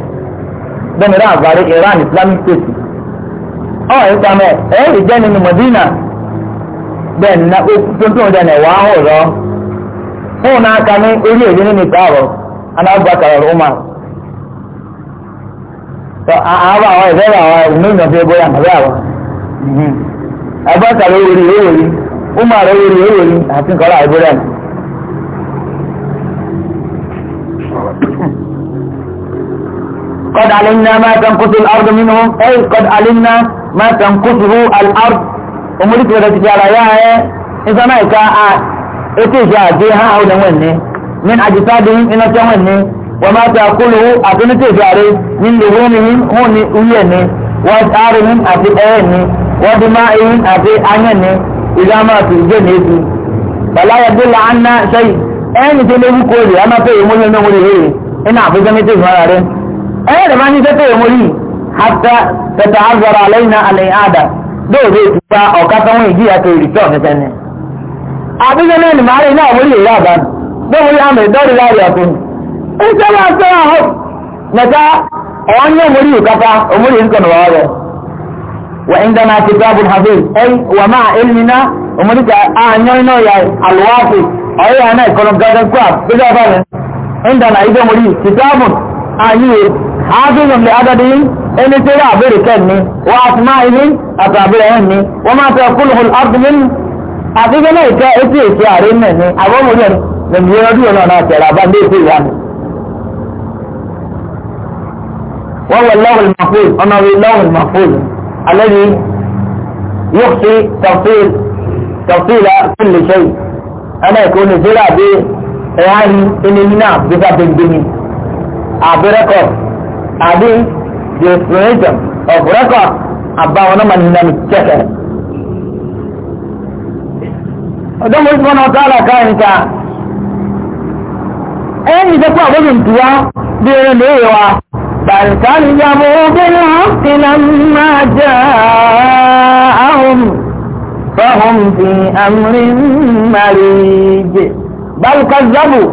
bẹ́ẹ̀ni rà àgbárí iran islamic state ọ̀ ẹ̀ka mẹ́ ẹ̀ rí jẹ́ni ní medina bẹ́ẹ̀ni na tó tó dẹ̀ ẹ̀wà ahọ́ lọ fún náà ka ní orí èdè nínú ìta ọ̀rọ̀ anágbà kàrọ̀ umar àárọ̀ àwọn ìfẹ́ àwọn ìrìnnà ìjọba ẹgbẹ́ yà nàbẹ́ àwọn àbákàrọ̀ orí orí umar orí orí àti nǹkan ọ̀rọ̀ àìbúrẹ́ قد علمنا ما تنقص الأرض منهم أي قد علمنا ما تنقصه الأرض ومريك ولا تجارة يا إذا ما يكا إتجا جيها أو نوني من أجسادهم إن توني وما تأكله أتن تجاري من لغومهم هون ويني وأشعارهم أتئيني ودمائهم أنيني إذا ما تجنيتي فلا يدل عنا شيء ẹni tó lé wúkọ rẹ̀ amáfẹ́ èèmọ́ ní ọmọ ị rẹ̀ iná àfẹ́jọ́ méjì ìfọ́nra rẹ̀ ẹni rẹ̀ máa ń ṣiṣẹ́ èèmọ́ rí hata tẹ̀tà azọrọ̀ alẹ́yìnà alẹ́yìn àdà lóòrè ìtura ọ̀ká tó wọ́n ìjìyà tó ìrìtọ́ ọ̀fẹ́fẹ́ ni. na màá rí náà òmùdíkà àyàn iná ya àlùwáàfì ọ̀rẹ́ àná ìkọlọ garden crab gbéjà bàrẹ̀ ìdànà ìdọ́mọ̀rí kìtàbùn àyè àádọ́yàn lè adádéyìn ẹni tí ó àbẹ̀rẹ̀ kẹ́ni wọ́n á ti máa ilé àti àbẹ̀rẹ̀ ẹ̀ ni wọ́n máa fẹ́ kúlù hùl abdulmin àtijọ́ náà ìkẹ́ etí èsì ààrẹ náà ni àbọ̀mọ̀rí ẹ̀ nàìjíríà ọdún náà náà tẹ̀ra bá ní èsì ìyá ni. wọ́n wọ lọ́wọ́l mafóòl ọ̀nà wí lọ́wọ́l mafóòl alẹ́ yìí yóò fi tàfíìl تفصيل كل شيء أنا يكون سيرة ب يعني إن هنا بسبب الدنيا أبي ركض أبي the explanation of record about one man hina mchekere ọdọ́ mo sọ́nà ọ̀tá àlàkà nǹka ẹ̀yìn ìjẹ́pọ̀ àbójú ntìyà bí eré lóye wa bàrìkà níyàwó bí wọ́n ti nà máa jẹ́ àhùn. فهم في أمر مريج بل كذبوا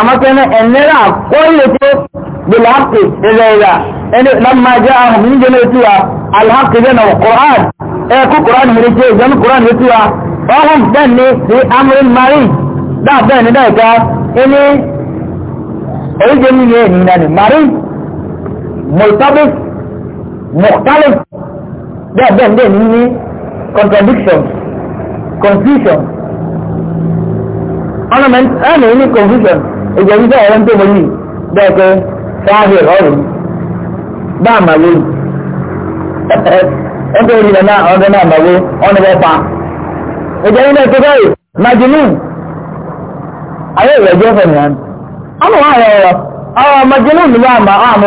أما كان أننا قلت بالحق إذا إذا لما جاءهم من جلتها الحق جنة والقرآن ايكو قرآن هريجي جنة قرآن هريجيها فهم دني في أمر مريج دا دني دايكا إني إيجني يهنان مريج ملتبس مختلف ده ده ده ني contradictions confusion ọ̀nà mẹ́rin ẹ̀mí ní confusion èjì ẹ̀mí bẹ́ẹ̀ ẹ̀rọ ń tó mọ yìí bẹ́ẹ̀ pé sáàbì ọ̀rùn bá àmàwé ẹ̀ tó rí lẹ́nà ọ̀dọ́ náà àmàwé ọ̀nà bẹ́ẹ̀ pa èjì ẹ̀mí bẹ́ẹ̀ tó bẹ́ẹ̀ májìlú ayé ìwẹ̀ jẹ́ fẹ̀mí hàn ọ̀nà wà rọ̀ ọ̀rọ̀ májìlú ni wà àmà àmì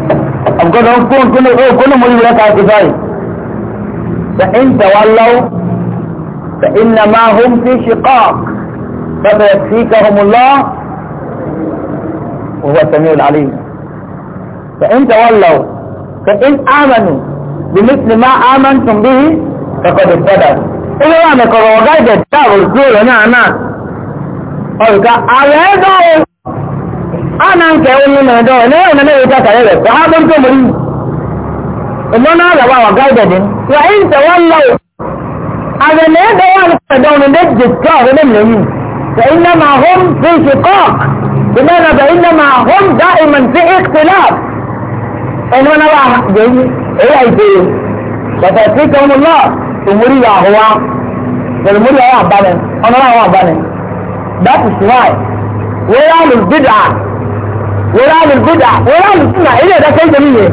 ọgọ́dọ̀ ń fún kílò ó kúlù mú ìwé ká ti báyìí fẹ̀yìn tẹ̀wálọ́ fẹ̀yìn nà máa hùm sí ṣìkọ́ọ̀k bẹ́ẹ̀ sí kẹ́hùmùlọ́ òwò sẹ́mi ìlàlẹ́ فإن تولوا فإن آمنوا بمثل ما آمنتم به فقد اهتدوا إذا ما مكروا وقاعدة تابوا الكورة نعم نعم قالوا كأعيدوا ana nke onye na-edo na enwe na na-eweta karịrị ka ha gbọmpe mori ụmụ na alawa wa gaida dị wa in ta walla aga na ede ya na da wani da ji ta wani da mlemi fa inna ma hum fi shiqaq bimana fa inna ma hum da'iman fi ikhtilaf en wana wa gaidi eh ai ce fa ta tika Allah umuri ya huwa da umuri ya ba ne ona wa ba that is why where all is bid'ah wòrán àlùbúdà wòrán àlùsùnà ilé ẹ̀dá tó ń tẹ̀lé yẹ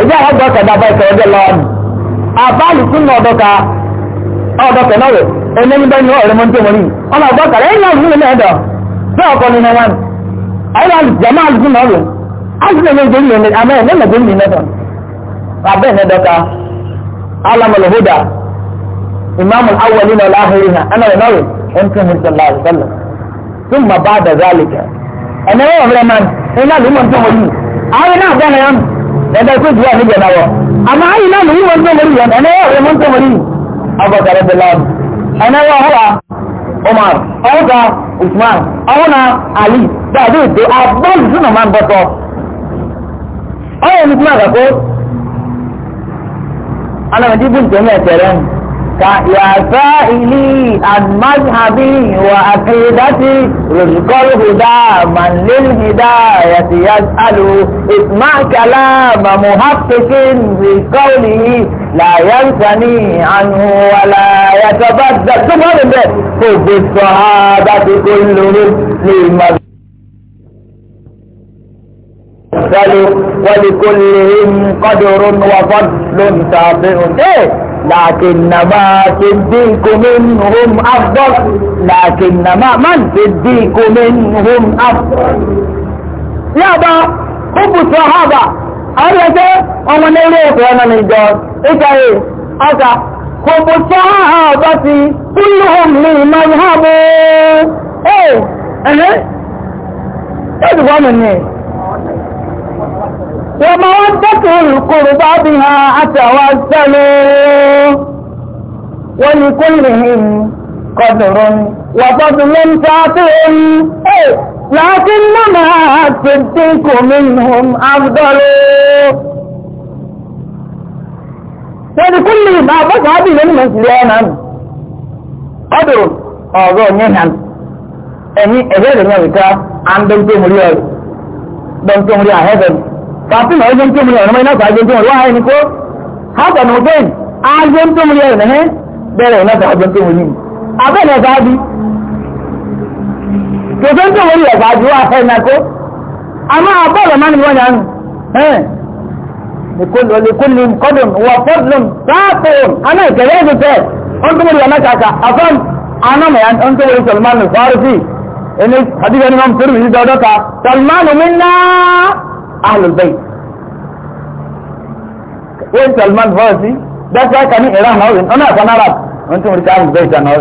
ẹjẹ́ àwọn ọgbà ọ̀kadà bá ìtọ̀ ọjọ́ lọ́wọ́ ni àbá àlùsùnà ọ̀dọ́ka ọ̀dọ́ka náà wẹ̀ ẹnẹ́nibẹ́ ni ọ̀rẹ́ mọ́tò mọ́ni ọ̀nà ọ̀dọ́ka ẹ̀yìn náà nínú ẹ̀dọ̀ bẹ́ẹ̀ ọkọ nínú wọn ayé jama àlùsùnà ọ̀rẹ́ àlùsùnà ní ojú ìlú amẹ́ ẹ̀nẹ́mẹ̀gbẹ́ mi nẹ́tọ̀ abẹ́ ẹ̀nẹ́dọ́ka alamọ̀lẹ́hódà imam awali na lahirina ana da nawe yankin sallallahu alaihi wasallam ثم بعد ذلك انا يا ابراهيم ina lu mun tomo yi ayi na ga na yam da da ko biya ni ga dawo amma ayi na lu mun tomo yi ana ya wa mun tomo yi abu da rabbillah ana wa huwa umar usman awna ali da do do abon zuna man boto ayi ni kuma ga ko ana ma dibun jami'a tare يا سائلي عن مذهبي وعقيدتي رزق الهدى من للهداية يسأل اسمع كلام محقق في قوله لا ينسني عنه ولا يتبدل سبحان الله حب الصحابة كلهم للمذهب ولكلهم قدر وفضل ساطع ايه لكن ما صديق منهم أفضل لكن ما من صديق منهم أفضل يا با حب الصحابة أرجع ومن يريد وانا نجار إيه أكا حب الصحابة كلهم لي مذهب إيه أه إيه تدفع مني ومودة القربى بها أتوسلوا ولكلهم قدر وفضل فاتهم لكنما الصديق منهم أفضل ولكل ما فسعد من مسلما قدر أعظم منهم أني أهل نبتا عن بنت مريال بنت مريال هذا kafin na wajen tumuli wani mai nasa ajin tumuli wa ni ko haka na wajen ajin tumuli ya ne bere na ta ajin tumuli abin ya zabi to zan tumuli ya zabi wa kai na ko amma abala man wani an eh لكل ولكل قدم وفضل ساطع انا كذلك كيف انتم اللي انا كاكا اصلا انا ما يعني انتم اللي سلمان الفارسي ان حديث الامام ترمذي ده سلمان منا أهل البيت وين سلمان فارسي ده ساعة كان إيران نوزن أنا كان أراب أنتم رجال البيت أنا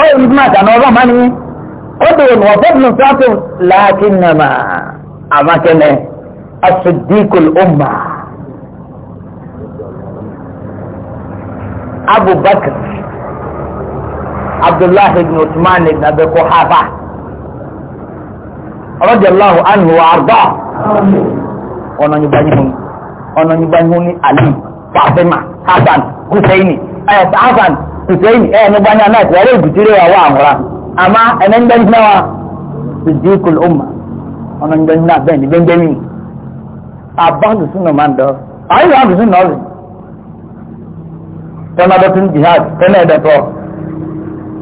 أو إذ مات أنا أرام أني قدر وفضل ساتر لكنما كان الصديق الأمة أبو بكر عبد الله بن عثمان بن أبي قحافة radiyallahu anhu wa arda ọ̀nà ní báyìí hún ọ̀nà ní báyìí hún ní ali fatima hasan hussein ẹ̀ hasan hussein ẹ̀ ní báyìí anáà tí ẹ̀rẹ́ ìbùtúrẹ́ wà wà àmúra àmá ẹ̀nà ń bẹ́ẹ̀ náà siddiqul umma ọ̀nà ń bẹ́ẹ̀ náà bẹ́ẹ̀ ní bẹ́ẹ̀ ní jihad tẹ́lá ẹ̀dọ̀tọ̀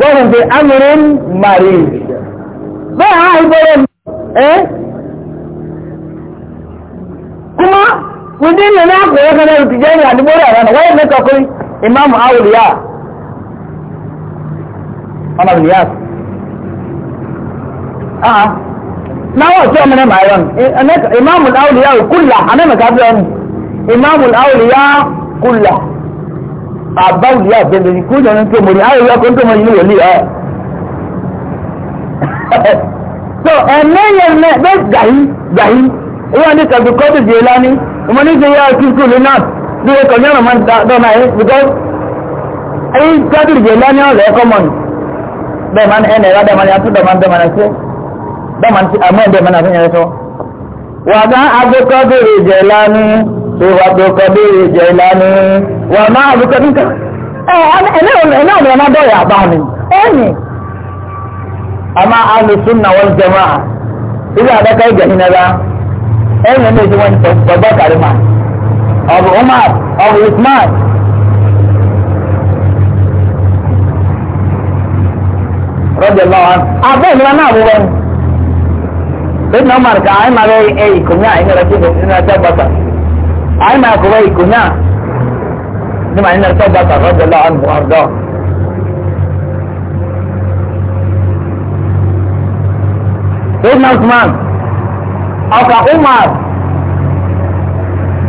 wọ́n fi amúrin mari bẹ́ẹ̀ á ìbọ̀rọ̀ ẹ́ kuma wùdí ní ní àpò ẹ̀kọ́ náà ti jẹ́ ní àdúgbòrò àwọn ọ̀nà wọ́n mẹ́ta kún imamu awuliya ọmọ awuliya ah náwó tí ọmọ náà máa yọnu imamu awuliya kúlà anẹ́mẹ̀ká bí ọnu imamu awuliya kúlà àbá òlì àbẹ̀bẹ̀ ní kó jẹun tó mọ̀rí ayé yọ kó tó mọ̀ yìí wòlíì ẹ̀. so ẹ̀mẹ́yẹn náà bẹ́ẹ̀ gàyí gàyí wọ́n ní kàbí kọ́tù jẹ́ lání ọmọ ní ṣe yá kí skul náà bí wọ́n kọ̀ọ̀yọ́ ọ̀rọ̀ máa ń dọ́nà ẹ̀ because ẹ̀yí kọ́tù jẹ́ lání ọ̀rọ̀ ẹ̀kọ́ mọ̀nì bẹ́ẹ̀ máa ń ẹ̀ nàá bẹ́ẹ̀ máa ń yàtú bẹ́ẹ̀ máa ń bẹ́ẹ̀ máa ń ṣe bẹ́ẹ̀ ẹ̀ ìwàdókọ̀ bí ìjẹ ìlànà wà máa lùkọ́ níkà ẹ̀nà òmìnira máa bẹ̀rẹ̀ àbá mi ẹ̀yìn àmà alùsùn náà wọ́n jẹ máa ilé àdẹ́kọ̀ ìjẹ ìnira ẹ̀yìn ní ìjẹ wọn tọgbọ́ kàrímà ọ̀bù umar ọ̀bù usman rọ́jẹ̀ lọ́wọ́ abẹ́ ìnira náà wúwẹ́ ní. Ibn Umar ka ayi ma bɛ eyi ko n أي ما كوي كنا لما أن ارتبط رضي الله عنه وأرضاه سيدنا عثمان أو كعمر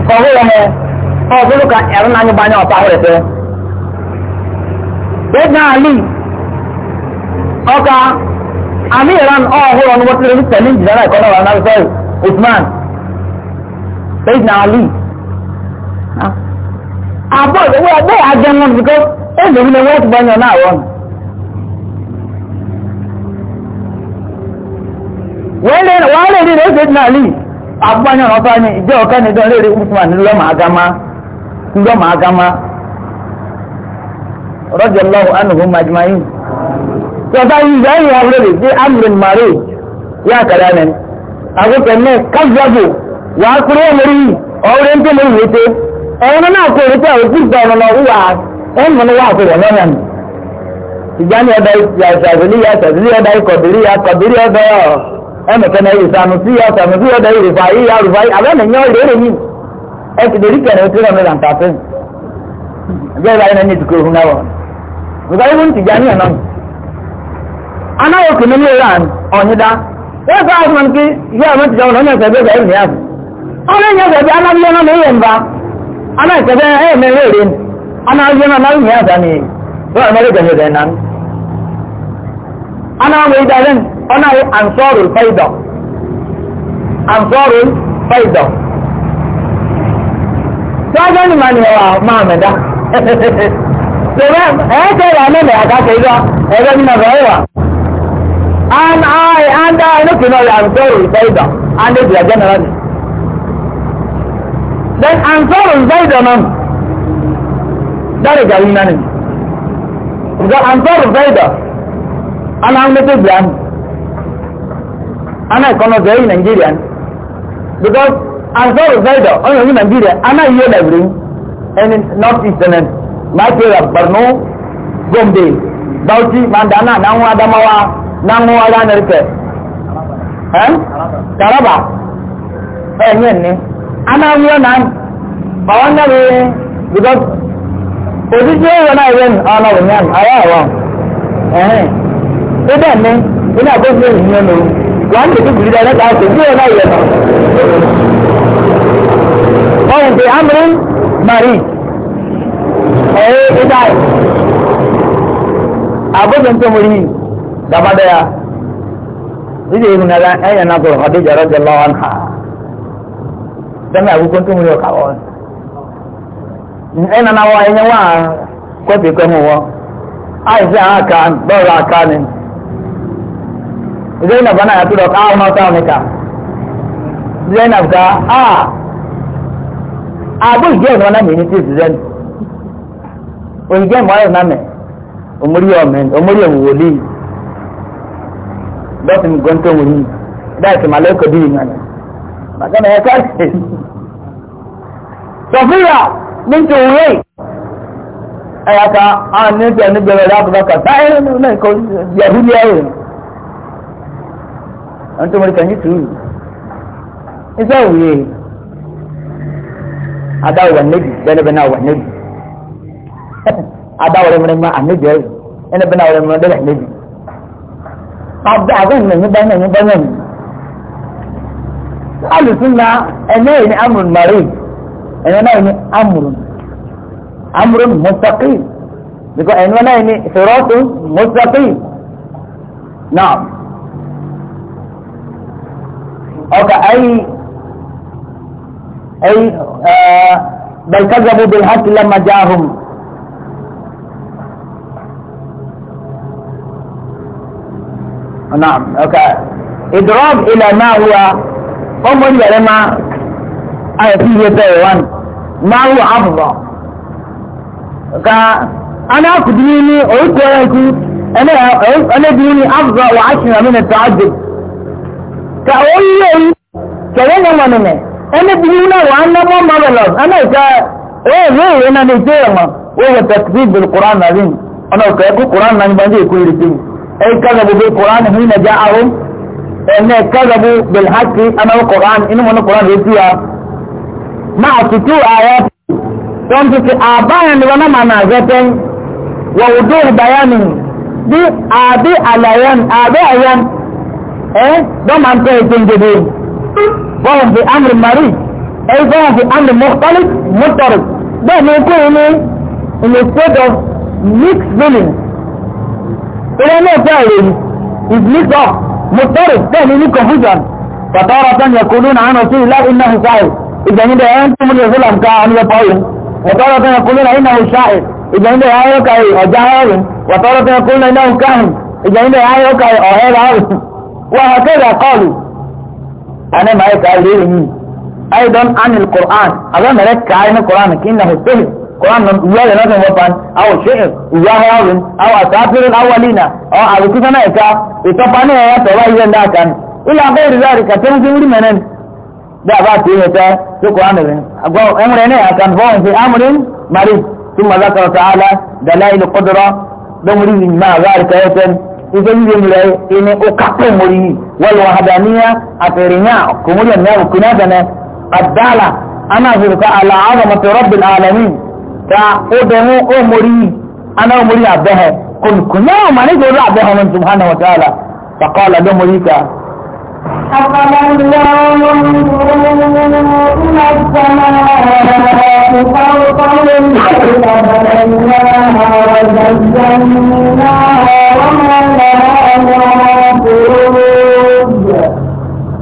فهو هو أو ذلك أرنا أن يباني وطهرته سيدنا علي أو كأميرا أو هو أنه وطلق التنين جزانا يقولوا أنا بسوي عثمان سيدنا علي abọ́ ìwé ọgbẹ́ àjẹmọ́ bíkọ́ èdèmí ni wọ́n ti bá náà wọ́n. wọ́n lè rí rẹ̀ náà lì agbọ́nyọ̀ náà fáwọn ìjọ ọ̀ká ni dán léèrè usman lọ́mà agama agama rọ́jò lọ́wọ́ anuhu majumayin. sọ̀tà yìí yá àkàrà náà kúrò ọ̀rẹ́ ń tẹ́lẹ̀ ìwé ẹ̀wọ̀n náà kò rí pé àwọn tí gbọ́ ọ̀nà wíwà ẹ̀ mọ̀ ní wà kó wọ̀ lọ́nà ni. ìjánu ọ̀dà ìṣàbílíyà ìṣàbílíyà ọ̀dà ìkọ̀bílíyà kọ̀bílíyà ọ̀dà ẹ̀mẹ̀kẹ́nà ìrìsànù sí ọ̀sànù sí ọ̀dà ìrìfà yíyá rùfà àbẹ́nà yẹn ọ̀rẹ́ rẹ̀ yìí ẹ̀ ti dorí kẹ̀rẹ̀ tí wọ́n mẹ́ta fẹ́ bẹ́ẹ̀ báyìí náà ní ìtukọ̀ òhun náà wọ̀ bùkọ́ ibùn tìjánu ẹ̀ náà anáwó kìíní ní iran ọ̀nyídá wọ́n sọ àwọn ọmọ nìkí yẹ́ ọmọ tìjánu ọ̀nà ọ̀nyẹ́sẹ̀ bẹ́ẹ̀ bẹ́ẹ̀ ní àbù ọ̀nà ọ̀nyẹ́sẹ̀ bẹ́ẹ̀ alábíyẹ́ náà ló yẹ̀ ń bá ana ìtẹ̀bẹ́ ẹ̀ mẹ́rin èrè ni ana ayé náà láwùmí ni wọ́n àmọ́ lè jẹ̀yẹ̀ rẹ̀ náà ana àwọn ìdá rẹ̀ ọ̀nà àwọn ansọ́rù fẹ́ìdọ̀ ansọ́rù fẹ́ìdọ̀ tí wọ́n jẹ́ ní ma ni ọ̀rọ̀ máa mẹ́dá ẹ̀ẹ́kẹ́ ìwà mẹ́lẹ̀ àkàkẹ́ ìjọ ẹ̀rẹ́ ní ma bẹ̀rẹ̀ wà and i and i no fit general then ansarun zaida nan dare gari na ne ga ansarun zaida ana hannun biya ne ana ikono zai nigeria ne because ansarun zaida on yanzu nigeria ana yi yana birin any north eastern ma ke da borno gombe bauchi mandana na nwa adamawa na nwa ranar ke taraba ẹ̀yẹ́ eh, ni ana nwụọ na anyị ma ọ nye wee bikọs ojiji ewe na ewe ọnụ bụ ya ayọ awọ ehe ebe ene onye akpọsị ewu ihe n'owu gwa ndị dị buru dara ka akụ ewe na ewe nọ ọ nke amịrị mari ee ịda abụghị ntụmụrụ iyi dabada ya ndị ewu na ya enye na gụrụ ọ dị jara jara ọnụ ha dami agogo tó mu yọ ká wọn ẹ nana wọn ẹ nyẹ wọn a kọfì kọ mu wọn ayi sẹ àwọn aka bẹẹ wọn aka ni zainab náà yàtọ̀ dọ̀ ká àwọn náà sáwọn nìka zainab ká a àbò ìjẹ́ ìnáwó náà mi ní tí ìsìlẹ̀ òyìnjẹ́ ìmọ̀ ayọ̀ náà mẹ́ omori ọmọ omori ọmọwòlì dọ́sìn gbọ́ntọ́ wòlíì dáìsì màlẹ́kọ̀ọ́ bí ìyànnà magana ya tashi safiya bintu wai ayata an ne ta ni bere da baka sai ne ko yahudiya ne an to mulkan yi tu isa wuye adawa wannabi dana bana wannabi adawa wannabi ma annabi ne bana wannabi dana annabi abda abin ne bana ne bana alùsùnà ẹ̀nẹ́yìn ni amrun marin ẹ̀nẹ́yìn ni amrun amrun mustaqim because ẹ̀nẹ́yìn ni sirọ́tù mustaqim náà ọkà ayi ayi bal kazabu bil haqq lamma ja'ahum نعم اوكي اضراب الى ما هو ọmọ ìyàrá máa àyẹ̀fí iye bẹ̀rẹ̀ wá ní máa wọ àbùbọ̀ ka ana kùdí ní orúkọ ẹ̀rọ ti ẹlẹ́bí ní àbùbọ̀ wà áṣìrà mí nìta àjò ka ó yí èyí kẹ̀wé ní ọmọ nìyẹn ẹlẹ́bí ní náà wà á ná mọ́ marvelous ẹnà ìka ó ìwé ìwé náà ní ìjẹ́ ẹ̀mọ́ ó yẹ tẹ̀sí ìbìrì kùrán ẹ̀mẹ́ kẹ́lẹ́bù bilhaki anáwó koran inú wọn ní koran rẹ̀ tíya máa tutù ààyè wọn ti fi àbáyàn ni wọn náà máa nàá zẹ́tẹ́ wọ òdó ìbáyánì bí àbí àlàyàn àbí àyàn ẹ̀ dọ́mà ń tẹ́ ìkéǹdédé bọ́ọ̀n fi amri mari ẹ̀ bọ́ọ̀n fi amri mọ́tọ́lì mọ́tọ́rì bẹ́ẹ̀ ni kú ní in a state of mixed feelings. ìrẹ́ náà fẹ́ rèé is mixed up mùtọ́rì bẹ́ẹ̀ ni ní confusion pàtàkì ọ̀sán yẹ kúlú náà ń sí ilá iná ìsáì ìgbẹ̀yìndẹ̀ ẹ̀yẹn tó múlẹ̀ sílẹ̀ nǹkan àníyẹ pọ́yìn pàtàkì ọ̀sán yẹ kúlú náà iná ìsáì ìgbẹ̀yìndẹ̀ ẹ̀yẹ kàì ọjà ẹ̀rìn pàtàkì ọ̀sán yẹ kúlú náà iná ìkáhìn ìgbẹ̀yìndẹ̀ ẹ̀yẹ kàì ọ̀hẹ́rẹ́ ẹ̀rìn wọ́n á kéde àkọlù ẹni máa kàì lé Quran nan iya da nasan wapan aw shi'in iya hawin aw asafirin awwalina aw abu kana ita ita fa ne ya tawa yin da kan ila gairi zalika tan jin menen da ba ti ne ta to Quran ne agwa amre ne akan bawon fi amrin mari thumma zakara ta'ala dalail qudra dan muri ma zalika yatan idan yin rai ine o kapon muri wal wahdaniya atirinya kumuriyan ya kunada ne qadala ana zurka ala azamati rabbil alamin da ko da mu o muri ana muri abaha kun kuma mani go abaha man subhanahu wa ta'ala fa qala do muri ka أفمن ينظرون إلى السماء فوقهم كيف بنيناها وزيناها وما لها من فروج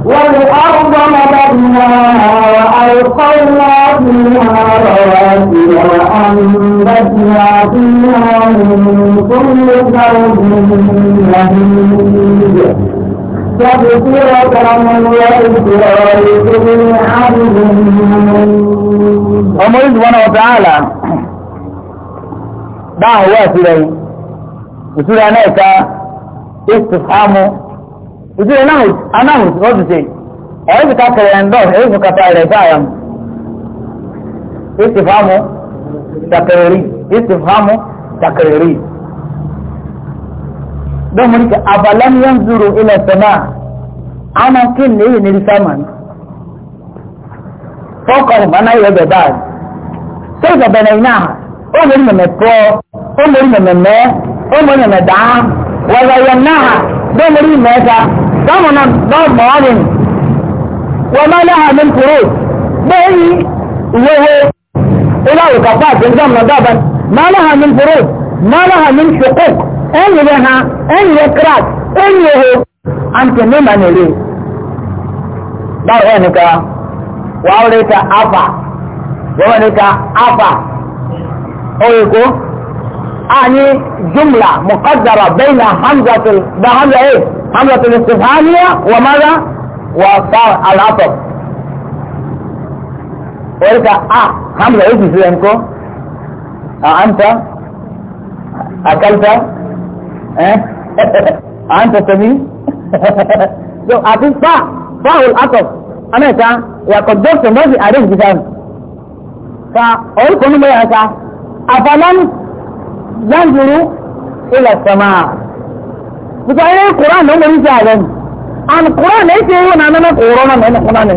والأرض مددناها وألقينا فيها رواسي وأنبتنا فيها من كل زوج بهيج تبصرة وذكرى لكل عبد ọmọ ìsìnkú ọ̀tàálà dáhùn wá ìsìlẹ̀ yìí ìsìlẹ̀ náà ká ìsìfàmù ìsìlẹ̀ náà anáhùn ìsìnkú ọ̀tùsẹ̀ ẹ̀ẹ́sì ká kẹrẹ̀ ẹ̀ndọ́ ẹ̀ẹ́sì kàtà rẹ̀ sáà yàmù استفهام تكريري استفهام تكريري don mun ka abalan yanzuru ila sama ana kin ne ne saman fokar mana ya da dad sai ga banaina o mun ne me po o mun ne me me o mun ne da wala yanaha don mun ne ta zamanan don mawalin wa ma laha min furu bai yoyo إلى وقفات ينظم نظافا ما لها من فروض ما لها من حقوق اي لها اي يكرات اي هو أنت ممن لي دعوانك وعوليك أفا وعوليك أفا أوليكو أعني جملة مقدرة بين حمزة ال... بحمزة إيه حمزة الاستفهامية وماذا وصار العطف وعوليك اه hamza yake sai yanko a uh, anta akalta eh anta tabi so abin ba fa'ul ataf ana ta ya qaddarta ma fi arif bidan fa aw kunu mai aka afalan yanzuru ila samaa mutane qur'an nan mun ji alan an qur'an ne ke yi wannan na qur'an nan ne kuma ne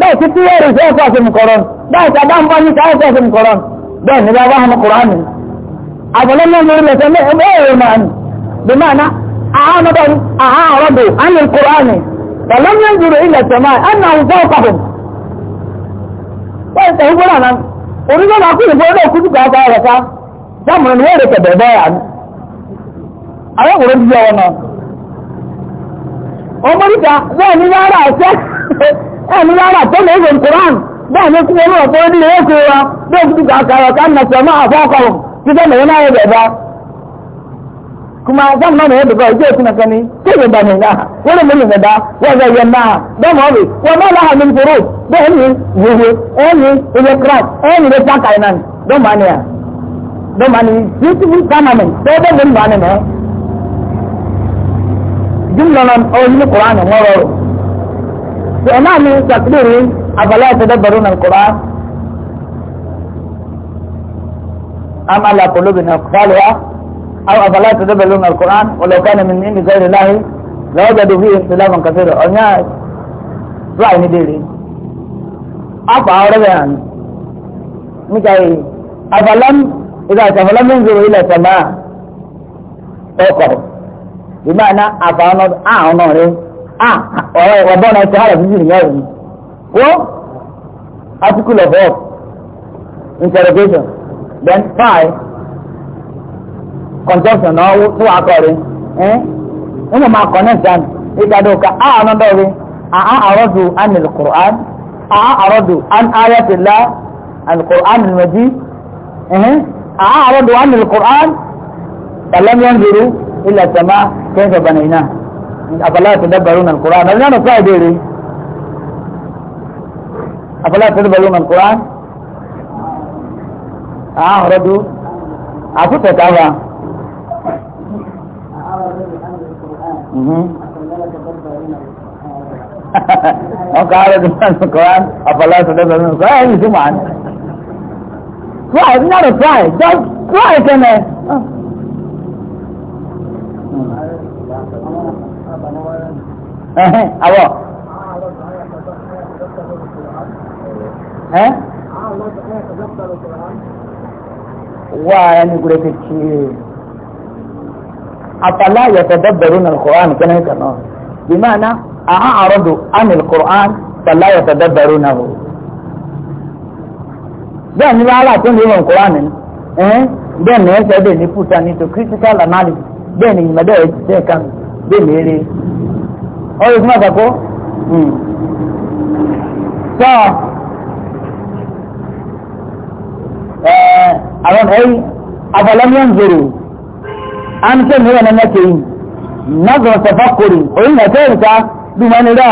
bẹ́ẹ̀ ti kúrò rẹ̀ sí ẹ̀fọ́ sí nìkọ̀rọ̀ bẹ́ẹ̀ ti adáǹbá ní káyọ̀fọ́ sí nìkọ̀rọ̀ bẹ́ẹ̀ ni bá wà hàn kùránì àbọ̀lọ́mọ́ mi rẹ̀ sẹ́lẹ̀ ẹgbẹ́rẹ̀ máa ní bí máa ná àhánọ́dọ̀ àhánọ́dọ̀ ánì kùránì bàlọ́mọ́ ìjùrò ilẹ̀ tẹ̀má ẹ̀nà òfò kàbọ̀ náà onígbà máa wọ́n ta ni yára ọ̀sẹ̀ ẹni rárá tó lè ṣe nkùrán bẹ́ẹ̀ ni kúrò náà tó ní ilé ṣe wa bí òkú tukà kàrọ̀ ká nà sọ̀mọ́ àfọ́kọ̀rọ̀ tí sọ mẹ̀rin náà yẹ bẹ̀bá kuma zan mana yadda ba zai kuma sani sai da bane na wani mun ne da wanda ya na da mu ne wa ma la min furu da ni yuhu ani ile kra ani da ta kai nan don ma ne don ma ne beautiful government sai da mun ma ne ne jumla nan o ni qur'ani ngoro بإمام تقديري أفلا يتدبرون القرآن أم على قلوبنا أقفالها أو أفلا يتدبرون القرآن ولو كان من عند غير الله لوجدوا فيه اختلافا كثيرا أنا رأي نديري أفعى ربيان مكاي أفلم إذا أفلم ينظروا إلى السماء أوقعوا بمعنى أفعى نظر أعنوا ah ọ̀rọ̀ ìwọ̀nba náà ti hàrà fífi nìyá òní wọ́n article of help interrogation then five conjunction náà tó wà kọ́rin ẹ́ ń mọ̀ máa connect down ìgbàdo ka a anọ́dọ̀ rí a a àrọ́dù an al-qur'an a a àrọ́dù an ayatollah al-qur'an al-majid a a àrọ́dù an al-qur'an فلم ينظروا إلا السماء كيف بنيناه afala ah, ta dabbaru nan Qur'an nan nan fa dere afala ta dabbaru nan Qur'an ah radu afu ta tawa وقال الإمام القرآن أفلا تدبر من القرآن هذه جمعة واحد نعرف واحد جاوب واحد كمان ẹ̀hìn àwọ̀ ẹ́ wà á ní kúrẹ́ ti kí i àfàlà yẹtọ̀ dẹ́bẹ̀rún nà kùránì kí ni kàn náà bí máa ná àhán àròdù ánì kùránì fàlà yẹtọ̀ dẹ́bẹ̀rún nà o. bẹ́ẹ̀ ni wàhálà tó ní ìwọ̀n kùránì bẹ́ẹ̀ ni ẹ̀ṣẹ̀ bẹ́ẹ̀ ni fúta ní to critical analysis bẹ́ẹ̀ ni ìmọ̀dẹ́ ẹ̀ kan bẹ́ẹ̀ ni eré ọ̀rẹ́ fún àkàkọ́ sọ àwọn ẹ̀yí abọ̀lọ́mìyàn zoro a ń tẹ́ mìíràn náà ke yìí nazar tafakuri oyin na tẹ́ ìta bí ma ní rà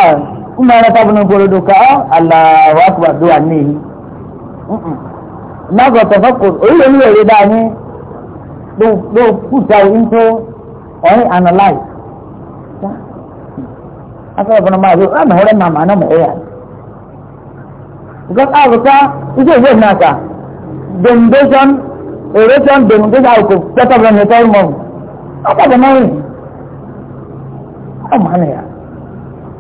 kuma ẹ̀rọ tábùnú gbọ́dọ̀ ká aláwọ̀ àkùbà tó wà ní èyí nazar tafakuri oyin lè ní èrè dáa ní ló kúta into ọ̀rin analyze asal pun nama tu, ah mahu nama mana mahu ya. Bukan apa sah, itu je nasa. Dendation, erosion, dendation aku, tetap dalam itu mau. Apa benda ini? Apa mana ya?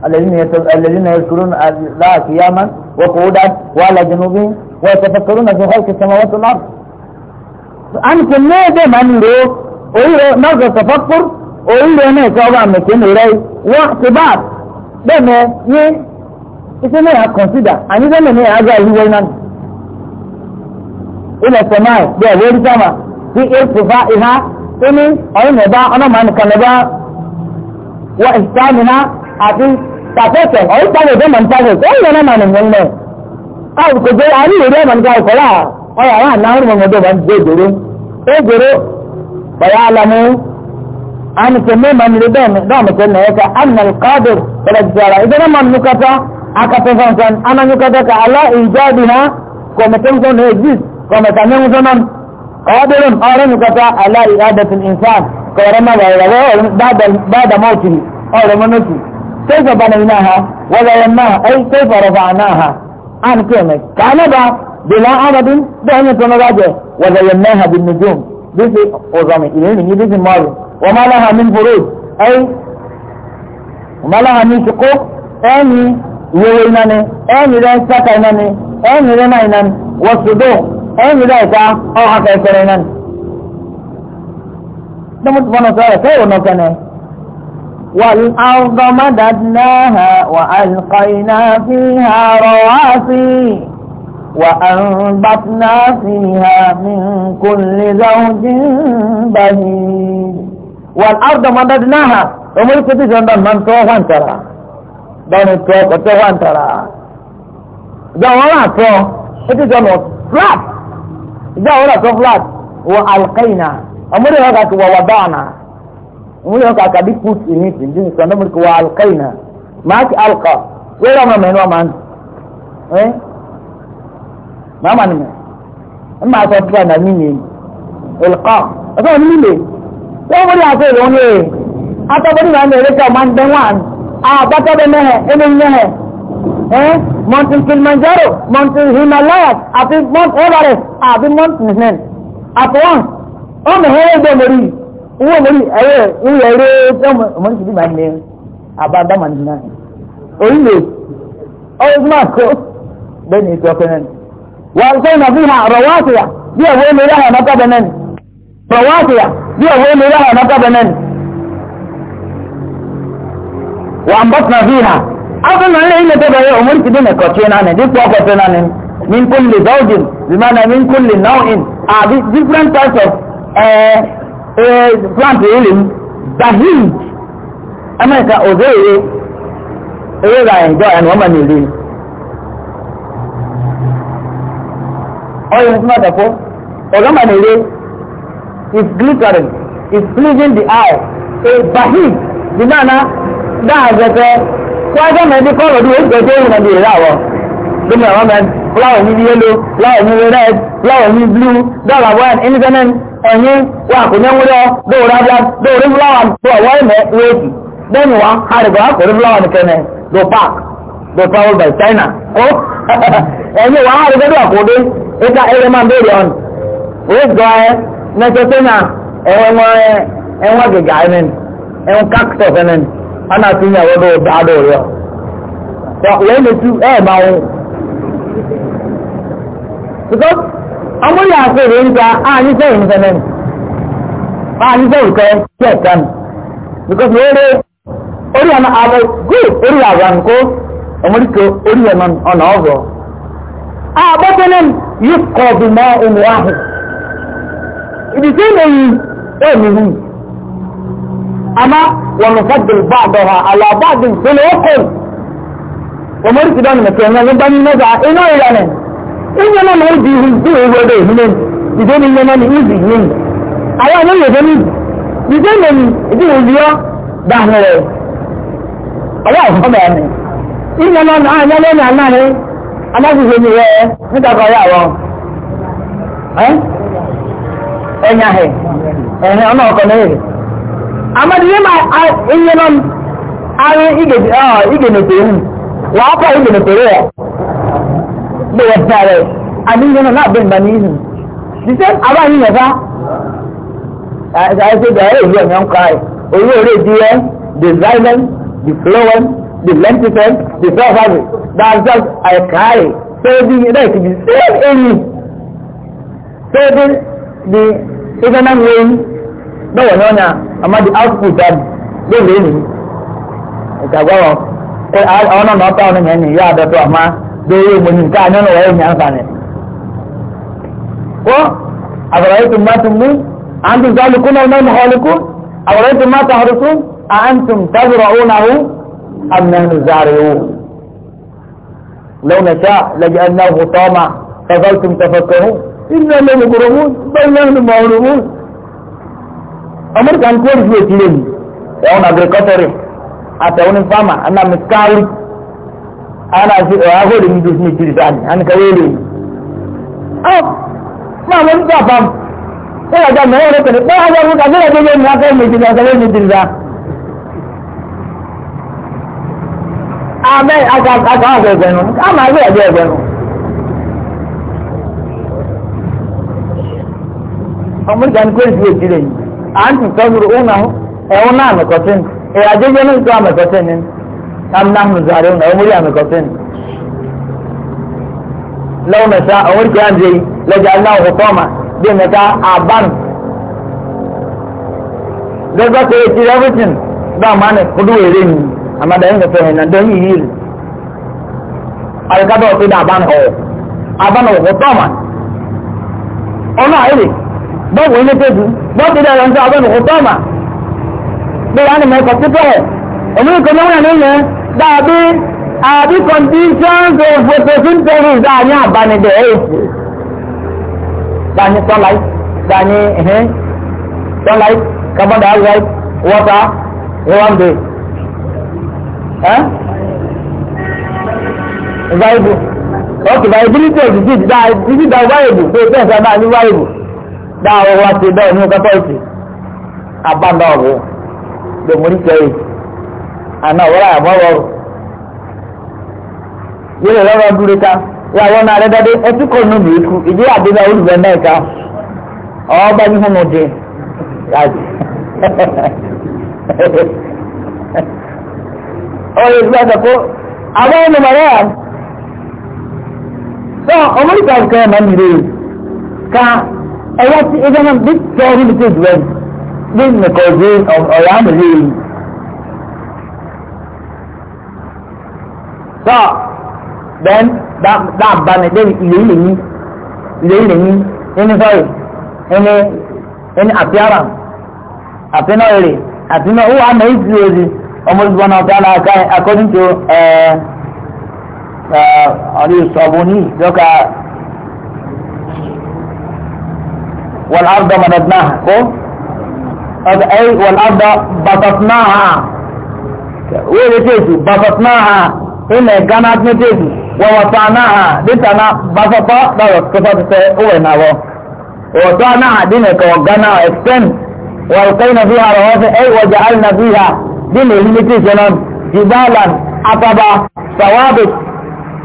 الذين الذين يذكرون الله قياما وقعودا وعلى جنوبهم ويتفكرون في خلق السماوات والارض. عن كمية ده من له ويرى نظر تفكر ويرى هناك وضع مكان إليه واعتبار bẹ́ẹ̀ ní iṣẹ́ náà yà consider àní bẹ́ẹ̀ ní àgbà ìwé náà ilẹ̀ sọ̀máì bí ẹ̀wọ́ orí sáma bí èsùfà ìhá ó ní ọ̀rìn ẹ̀bá wọ ìsáàmì àti tàfẹ́fẹ́ ọ̀rìn sáàmì ìfẹ́ mọ̀ nípa ìfẹ́ ó yẹn náà nìyẹn jẹ́ àní ìrírí ọ̀rọ̀ عن تميما لبين دام كنا يكا أن القادر فالجارة إذا لما نكتا أكتا فانسان أنا نكتا على إيجادها كما تنكون إجيز كما تنكون زمن قادر أو نكتا على إرادة الإنسان كورما ويروه بعد بعد موته أو لما نكي كيف بنيناها ولا يمناها أي كيف رفعناها عن كلمة كان بلا عمد بأن يكون راجع وزيناها بالنجوم bíbí ọ̀zọ̀mì ìrìn nìyí bíbí mọ́rin wọ́n máa láha ní burúd ẹ́yí wọ́n máa láha ní ṣùkú ẹ́yí ìwéwé iná ni ẹ́yí rẹ̀ ṣáka iná ni ẹ́yí rẹ̀ náà iná ni wọ́n ṣùdó ẹ́yí rẹ̀ ìta ọ̀hà kẹfẹ́rẹ́ iná ni. dọ́mọ̀tì fọ́nà sọ̀rọ̀ kẹ́wọ̀n náà kẹ́nẹ̀. والأرض مددناها وألقينا فيها رواسي وأنبتنا فيها من كل زوج بهيج والأرض مددناها ومن كتب جندا من توفان ترى دون توك توفان ترى جوالا تو كتب جندا فلات جوالا تو فلات وألقينا أمري هكاك ووضعنا أمري هكاك دي كوت إنيتي جنسي كندا مرك وألقينا ماك ألقى ويرا ما منوا من إيه màmá ni mo ń máa sọ fún àná mímì ìlkọ́ ọ̀sán òní mímì wọ́n mú ní àṣẹ ìlú ní èyí atọ́bọ̀dé náà ní erékà máa ń dẹ́ wọn àbátọ́bẹ̀ mẹ́hẹ̀ ẹni mẹ́hẹ̀ ẹ́ mountain kilimanjaro mountain himalayas àti mount everest àti mount nìhẹ́n àti wọn wọ́n mẹ́hẹ́ ẹgbẹ́ mọ́rí owó mọ́rí ẹ̀yẹ ìyẹ̀ eré ọmọdé ti bí màá ní àbádámà nìyẹn orílẹ̀ ọ̀rọ̀ ìgbìmọ̀ àkọ́ bẹ́ẹ̀ ni ètò ọkọ̀ náà وألقينا فيها رواسي دي أقول لها مكة بنان رواسي دي أقول لها مكة بنان وأنبطنا فيها أظن أن إلا تبعي أمور كده نكوتين عنه دي كوكوتين عنه من كل زوج بمعنى من كل نوع are these different types of uh, uh, plant healing bahij America òzé èrè èrè ra ẹ̀jọ́ ẹ̀nu ọmọ nìlú oil is not ko ọ̀gọ́mà nìyẹ is glittering. is pleasing the eye a bahid di mana dáa gẹ́gẹ́ kwájá mẹ́bí kọ́lọ̀ bí oṣù tó yìí nàbí ìrà wọ lómi àwọn mẹ́rin flower ní yellow flower ní red flower ní blue dọ́là one independent ẹ̀yìn wà kò ní wúlọ́ dóòrò abúlá dóòrò flower tó ọ̀wọ́ ẹ̀mẹ́ wéèkì bẹ́ẹ̀ni wá àrẹ̀gbọ́ àkòrí flower nìkẹ́nẹ̀ do park do powered by china ó ẹ̀yìn wà àrẹ̀gbọ́ àkòrí ịka ere ma mberi ọnụ ụzọ e, e, na e mẹsẹsẹ na ẹwẹ nwere ẹwẹ gịga ẹnẹn ẹwẹ kaktọs a na-atụnye awọdọ ụdọ adọ ụrịọ wee metu ẹ ma nwụ because ọmụ ya asịrị anyị sẹyìn sẹnẹn anyị sẹyìn kọ kẹsàn because wee ree orí ọ̀nà àbọ̀ good orí àbọ̀ nkó ọmọdé tó orí ọ̀nà ọ̀nà ọ̀zọ yíkọ̀ bí mọ́ ohun ahùn ibi tí ó yí ẹ̀mí hù àmá wọn fọ́dùn bá àdọ́ha alábàdì ìpínlẹ̀ ọkọ̀ ọmọdé ti dánù mẹ́tẹ̀ ẹ̀yàn nígbà ní mẹ́ta inú ìlànà ìyẹn náà ló di ihu tí òun wọlé ìhúnlẹ̀ ìdé ní yẹn ní ìzì yìí àwọn àwọn yẹ̀dẹ́ ní ìdé náà ní ìdí òwúyọ́ dáhùn ọwọ́ àfọ́mọ̀ ẹ̀mí aláṣiṣe ni rẹ níta kan yà wọ ẹnyà hẹ ẹhẹ ọ̀nà ọkọ̀ náà rẹ amadiye ma iye nọ arụ igenete ihu wà á pọ̀ igenete rẹ lè wẹ̀ bẹ̀rẹ̀ àbí iye nọ náà bẹ̀ mbà n'ihu ṣiṣẹ́ àbá yìí yẹ fa ṣàṣẹ́ bẹ̀rẹ̀ èyí ẹ̀mí ọ̀nkọ́ rẹ̀ orí orí ìdíyẹ the silent the flowing they've lent it them, they still have it. That's just a cry. Saving it, it could be saving. Saving the seasonal rain, no one on àmọ́ the output them, ni, rain. Ìgbàgbọ́ wọn, àwọn náà náà táwọn yẹn ni yóò àdọ́tọ̀ àmọ́ lórí ìmọ̀ni nǹkan àná náà wọ́n yẹn àǹfààní. Wọ́n àbọ̀rọ̀ yìí tó máa tún mú, à sọ́ọ́lù kún náà náà ọ́lù kún, àbọ̀rọ̀ yìí tó máa tún àrùn kún, à ń tún tábìrọ̀ òun náà أم نحن الزارعون لو نشاء لجعلناه حطاما فظلتم تفكرون إنا لمغرمون بل نحن مغرمون أمرك أن تكون في أتلين وأنا أجريكتري أتوني فاما أنا متكاوري أنا أقول إن دوسني تلتاني أنا كويلي أب ما من تفهم ولا جمع ولا تلتاني ما هذا هو كذلك يجب أن يكون مثل هذا abẹ́ akáwọn àgbẹ̀ ẹgbẹ́ nù ká máa gbé ẹgbẹ́ ẹgbẹ́ nù. ọmọ ìjà ní kó èsì èsì rẹ̀ yìí à ń tì sọ́dúró ó nà ẹ̀hún náà mẹ́kọ̀tìn ẹ̀ àjẹjẹ́ ní ìtọ́ àmẹ́kọ̀tìn ni táwọn náà mú zàrí ọ̀nà ọmọ ìjà mẹ́kọ̀tìn. lọ́wọ́ mẹ́ta ọmọ ìjà ń jẹ́ yìí lọ́jà náà ọ̀hún tọ́ọ̀mà bí mẹ́ta àbánu. lọ́jọ́ kéré ní kúdú èrè amada yin gafe na don yi yiri alkado ti da ban ho aban ho to man ona ile ba wo ile te du ba ti da ran sa aban ho to man be ani me ko ti to ho oni ko na na ne da bi abi conditions of photosynthesis da ni abani de e da ni sunlight da ni eh sunlight carbon dioxide water one day bible ok bibility of the deed da títí da bible pé pé ẹ̀sán ní bible dá àwọn wa ti dọ̀ ní kátọ́ọ̀sì abáńdá ọ̀bù lòmùrí kẹrì àná ọ̀wọ́rọ̀ àbọ̀wọ̀ yóò lọ́rọ̀ dúró ká wà wọ́n náà rẹ́dọ́dẹ́ ẹtí kò nù mí kú ìdí àdébà olùbẹ̀ náà ká ọ̀rẹ́ ìgbà àtàkọ́ àwọn ọmọ mọ̀rẹ́ à sọ ọmọ ìgbà nǹkan ẹ̀ máa ń lè ka ẹ̀yà tí ẹgbẹ́ náà bí tẹ́ ọdún bí tẹ́jú ẹ̀ bí nìkan ọdún ọ̀rẹ́ àmì lè sọ then dáàbá mi dé ilé ilé yín ilé ilé yín ẹni sọ̀rọ̀ ẹni ẹni àti ara àti náà èrè àti náà ó wà á mẹ́ ìdúró yìí. Umar subhanahu wa ta'ala according to uh, uh, Ali Sabuni doka wal arda madadnaha ko ad ay wal arda batatnaha we le tesu batatnaha ina ganat ne tesu wa watanaha ditana batata da ko ta se o na wo watanaha dine ko gana extend والقينا فيها رواسي اي وجعلنا فيها dina yi mutu kenan jibalan ataba sawabik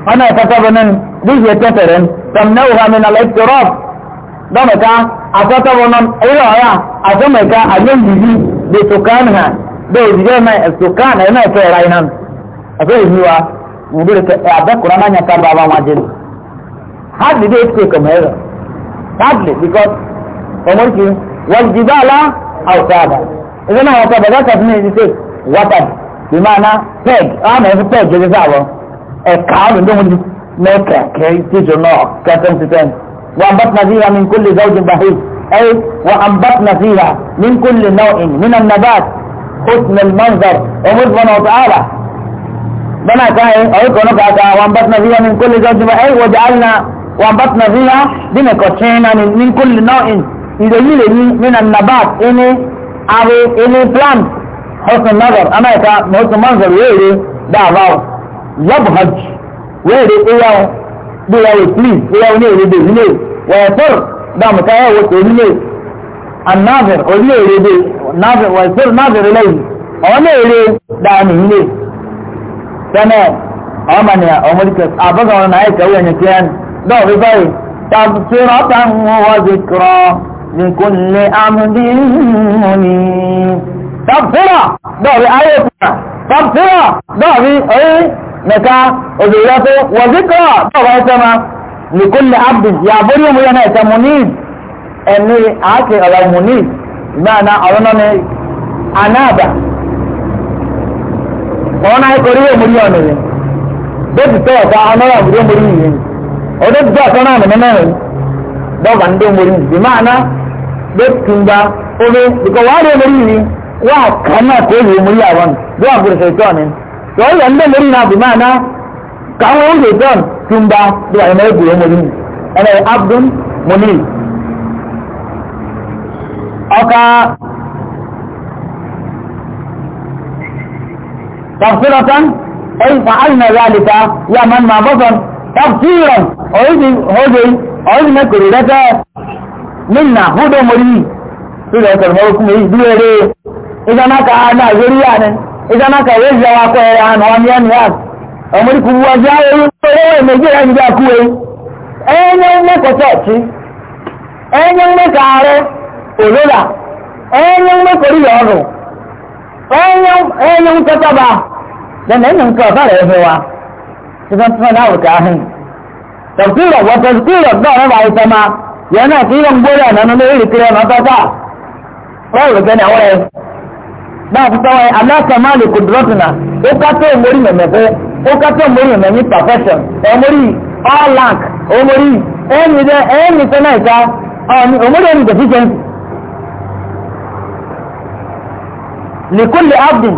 ana tataba nan duk ta taren tamnauha min al-ittirab don ka a tataba nan iraya a sama ka a yin jiji da tukanha da jiji mai tukana yana ta rai nan a sai yiwa mudir ka a da qur'ana ya ta wọ́tàd ìmáàná peg ọ̀hánà ẹ̀fọ́ peg gẹ́gẹ́ sáwọ́ ẹ̀ka ọ̀nà tó ń di mẹ́ẹ̀kà kẹ́rì títù náà kẹ́tẹ́m títẹ́m wọ́n bá tẹ̀lé ìhà mi kúlè zọ́ọ̀dì bàhí أي وأنبتنا فيها من كل نوع من النبات حسن المنظر ومسبحانه وتعالى بنا كاي أيك ونكا كا وأنبتنا فيها من كل زوج بحي وجعلنا وأنبتنا فيها بنا كوشينا من كل نوع إذا يلي من النبات إني أو إني بلانت hausun nazar ana ta na wasu manzar were da ba yabhaj were iyawo da yawo please iyawo ne ere da zine wa yasir da mutum yawo ko zine an nazar o zine ere da nazar wa yasir nazar ilai a wani ere da ni ne sana a wani ya amurka a baga wani na aika wuyan ya kiyan da wani bai tabbatar wa zikra لكل عبد منيب tọ́pùrọ̀ dọ̀rí ayébùrọ̀ tọ́pùrọ̀ dọ̀rí orí mẹ́ta òbèrè tó wọ̀zíkọ̀ dọ̀rọ̀ ẹ̀tọ́ ma nìkúnlẹ̀ abdi yàbórí mu yẹn ẹ̀tọ́ munid ẹni àáké ọ̀rọ̀ munid gbáàna ọ̀rọ̀ náà ni anáàbà wọn náà kọrí èmu yẹn ọ̀nà yẹn bẹ́ẹ̀ tó ọ̀tá ọ̀nàrà òbúrò mórí yìí ọdún tó ọ̀tá náà nìmọ́ náà dọ́gba ndó mórí yìí bí máa ná bẹ́ẹ̀ tún gba omi ìkọ̀wá rẹ̀ mórí yìí wa kana ko yi muri awan zuwa gur shaitan ne to yan da muri na bimana ka won shaitan tun ba da ai mai gure muri ana abdun muni aka tafsiratan ay fa'alna zalika ya man ma basan tafsiran oyidi hoje oyidi na kurirata minna hudo muri su da kalmar kuma yi biyare izanaka Najeriya ne izanaka wezi ya wako ya hano wani ya ni hako omori kubuwa jawo owo Nigeria ni jakuwe enye mmeko chọọchị enye mmeko arụ olola enye mmeko riya ọrụ enye enye nkọtaba dana enye nke ọbara ehewa tuntun na awuta ahụ tọkpụrụ wọtọ tọkpụrụ ọdọ ọrụ ayịtama yana ka ihe mgbori a na nọ n'erikere n'ọtọta ọrụ gị na ọrụ a báwo fún sáwọn aláṣà máa lè kó dúrọ́tìnà ó ká tó mórí o ó ká tó mórí mẹ̀mẹ̀ perfection ẹ̀ mórí all lack ó mórí ẹ̀yìn rẹ̀ ẹ̀yìn tẹ́ náà ìta ọ̀ni òmórí ẹ̀yìn deficiency. lèkúlẹ̀ abdul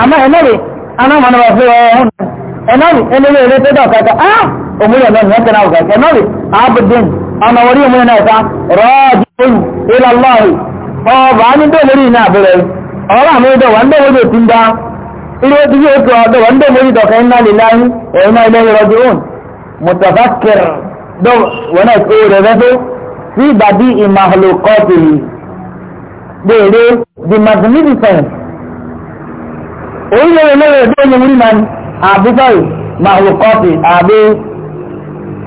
àmọ́ ẹ̀nẹ́rì anáwọ̀nà wà fún ọ̀hún ẹ̀nẹ́rì ẹ̀nẹ́rì ẹ̀rẹ́ tó dọ̀ kàkà á òmórí ẹ̀mẹ̀mẹ̀ ẹ̀kẹ́ náà kàkà ẹ̀nẹ́rì abdul ọ̀nà orí òmórí náà ìta rọ́ọ̀dù ilẹ̀ ọlọ́ọ̀rì ọ̀bà á ní bẹ́ẹ̀ lórí iná na yìí ọ̀rọ̀ àmì ìdọ̀ wà ń bẹ̀rẹ̀ lè ti ń dá ilé tí yóò tó ọ̀dọ̀ wà ń bẹ̀rẹ̀ ìdọ̀ kan iná lè láyé ẹ̀rọ náà ilé ìrọ̀ jù òun mùtàfà kẹrẹ̀ dọ̀ wọn náà kó rẹ̀ rẹ́fẹ́ sí ìbàdí ìmàlò kọ́tìlì béèrè the magnificent orílẹ̀ olóòrè tó ń mú nínú àbúfáì màlò kọ́tì àbí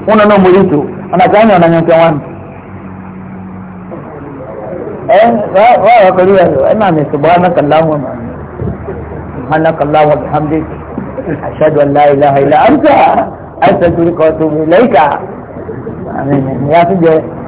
wọn náà mú tó ọ̀nà tí wọ́n yàn ọ̀nà yàn tẹ́wọ́n ba kariya ina mai subhanaka allahumma subhanaka allahumma bihamdik ashhadu an la ilaha illa anta astaghfiruka wa atubu ilaika amin ya fi